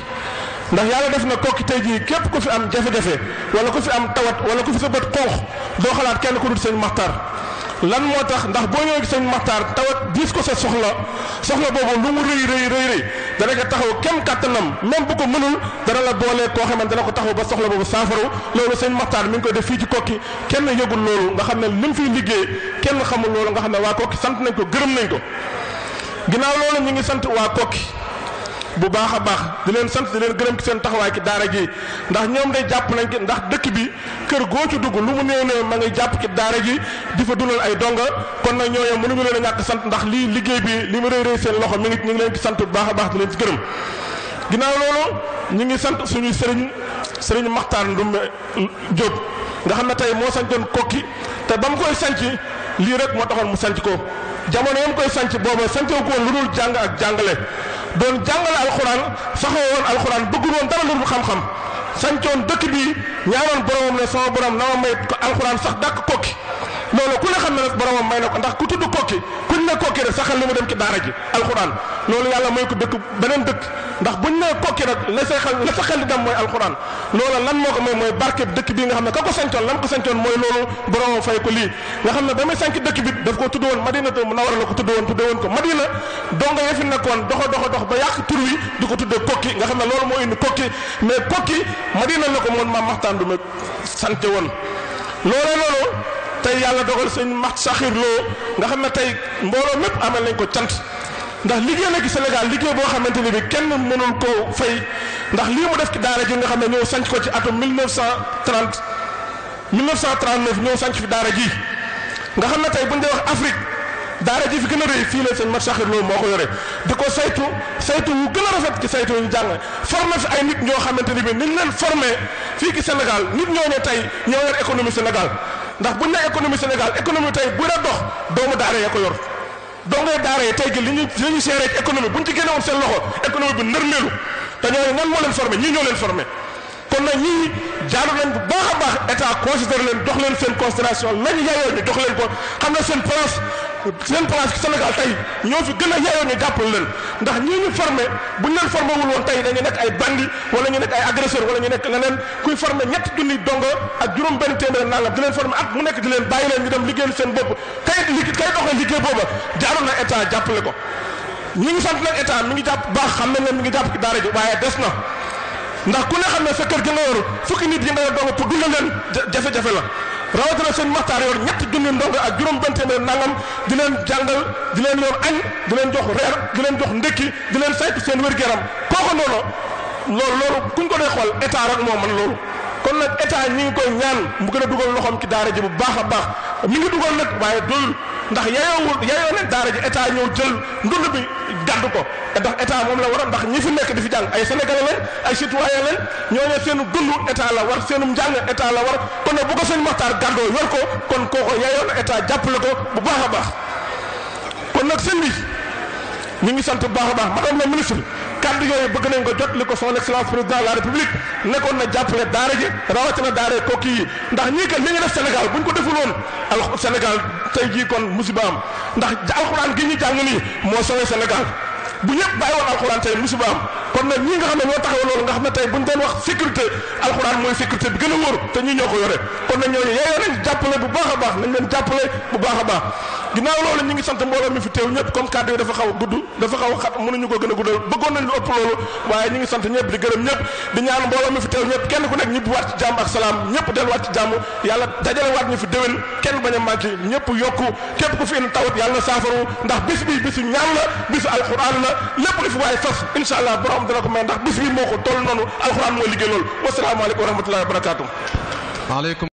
ndax yàlla def na kooku tey jii képp ko fi am jafe-jafe wala ku fi am tawat wala ku fi sa bët xonq doo xalaat kenn ku dul sëñ Maxtaar lan moo tax ndax boo ñëwee seen maxtar tawat diis ko sa soxla soxla boobu lu mu rëy rëy rëy rëy dana ko taxaw kem kàttanam même bu ko mënul dana la boolee koo xamante dana ko taxaw ba soxla boobu saafaru loolu seen Maxtaar mi ngi koy def fii ci kokki kenn yëgul loolu nga xam ne li mu fiy liggéey kenn xamul loolu nga xam ne waa kokki sant nañ ko gërëm nañ ko ginnaaw loolu ñu ngi sant waa kokki bu baax a baax di leen sant di leen gërëm ci seen taxawaay ci daara ji ndax ñoom day jàpp nañ ci ndax dëkk bi kër goo ci dugg lu mu néew néew ma ngi jàpp ci daara ji di fa dundal ay donga kon na nag ñooñu mënuñu leen a ñàkk sant ndax lii liggéey bi li mu réy réy seen loxo mi ngi ñu ngi leen ci sant bu baax a baax di leen gërëm ginnaaw loolu ñu ngi sant suñuy sëriñ sëriñ Maxtaar Ndumbe Jóob nga xam na tey moo sancoon kokki te ba mu koy sanc lii rek moo taxoon mu sanc ko jamono yam koy sanc booba sancewu ko woon lu dul jàng ak jàngale doon jàngale alxuraan saxoo woon alxuraan bëggul woon dara lu xam-xam sancoon dëkk bi ñaanoon boromam ne sama borom alxuraan sax dakk kokki loolu ku ne xam ne nag boromam may na ko ndax ku tudd kokki kuñ ne kokki rek saxal li mu dem ci daara ji alxuraan loolu yàlla mooy ko dëkk beneen dëkk ndax buñ ne kokki nag la sa xel la sa mooy alxuraan lan moo ko may mooy ne ka ko mooy loolu ne ba muy sanc dëkk bi daf ko tudd woon madina te nawara la ko tudd woon tudd ko madina donga ya nekkoon doxa doxa dox ba yàq tur wi di ko tudde kokki nga xam ne loolu moo indi kokki mais kokki madina la ko moon maam maxtaan du ma sante woon loolu loolu tey yàlla dogal sëñ Mat Saxir Lo nga xam ne tey mbooloo mépp amal lañ ko cant ndax liggéey la ci Sénégal liggéey boo xamante ne bi kenn mënul koo fay ndax lii mu def ci daara ji nga xam ne ñëw sanc ko ci atum 1930 1939 ñëw sanc fi daara ji nga xam ne tey bu ñu wax Afrique daara ji fi gën a rëy fii la sëñ Mat Saxir Lo moo ko yore di ko saytu saytu wu gën a rafet ci saytu yu jàng formé fi ay nit ñoo xamante ne bi niñ leen formé fii ki Sénégal nit ñoo ne tey ñoo yor économie Sénégal ndax buñ ne économie Sénégal économie tey bu la dox doomu daara ya ko yor dongee daara yi tey gi li ñu li ñu seeree ci économie buñ ci génnewoon seen loxo économie bi nërmeelu te ñooñu moo leen formé ñii ñoo leen formé kon na ñii jaaru leen bu baax a baax état considéré leen jox leen seen considération lañu yaayoo ñu jox leen ko xam na seen place seen place ci Sénégal tey ñoo fi gën a yaayoo ñu jàppal leen ndax ñii ñu formé bu ñu leen formé wul woon tey dañu nekk ay bandi wala ñu nekk ay agresseur wala ñu nekk leneen kuy formé ñett junni dongo ak juróom benn téeméer nangam di leen formé at mu nekk di leen bàyyi leen ñu dem liggéeyal seen bopp kay kay doxee liggéey booba jaaroon na état jàppale ko ñi ngi sant nag état mi ngi jàpp baax xam nañ ne mi ngi jàpp ci daara ji waaye des na ndax ku ne xam ne sa kër gi nit yi nga yor dongo pour dundal leen la rawatina sëñ Maxtaar yor ñetti junni ndongo ak juróom benn téeméer nangam di leen jàngal di leen yor añ di leen jox reer di leen jox ndékki di leen saytu seen wér-gu-yaram kooku noonu loolu loolu kuñ ko dee xool état rek moo mën loolu kon nag état ñi ngi koy ñaan mu gën a dugal loxoom ci daara ji bu baax a baax mi ngi dugal nag waaye doyul ndax yayoowul yayoo nag daara ji état ñëw jël ndund bi gàddu ko ndax état moom la waroon ndax ñi fi nekk di fi jàng ay sénégalais lañ ay citoyen lañ ñooñu seen dund état la war seenu njàng état la war kon nag bu ko seen maxtaar gàddoo yor ko kon kooko yayoo na état jàppale ko bu baax a baax kon nag seen bi ñu ngi sant bu baax a baax madame la ministre kaddu yooyu bëgg nañ ko jot li ko son excellence président de la république nekkoon na jàppale daara ji rawatina daara kokki yi ndax ñii kat li nga def Sénégal buñ ko deful woon al Sénégal tey jii kon musiba am ndax alxuraan gi ñu jàng nii moo sowee Sénégal bu ñëpp bàyyi woon alxuraan tey musiba am kon nag ñi nga xam ne ñoo taxaw loolu nga xam ne tey buñ doon wax sécurité alxuraan mooy sécurité bi gën a wóor te ñi ñoo ko yore kon nag ñooñu yeeyoo nañ jàppale bu baax a baax nañ leen jàppale bu baax a baax ginnaaw loolu ñu ngi sant mbooloo mi fi teew ñëpp a gudd kenn ku nekk ñibbi waat ci jàmm ak salaam ñëpp delluwaat ci jàmm yàlla dajale waat ñu fi déwén kenn bañ a manqué képp ku fi indi tawat yàlla saafaru ndax bis bi bisu ñaan la xam dana ko may ndax bis bi moo ko toll noonu alxuraan moo liggéey loolu wasalaamaaleykum wa rahmatullahi wa barakaatu.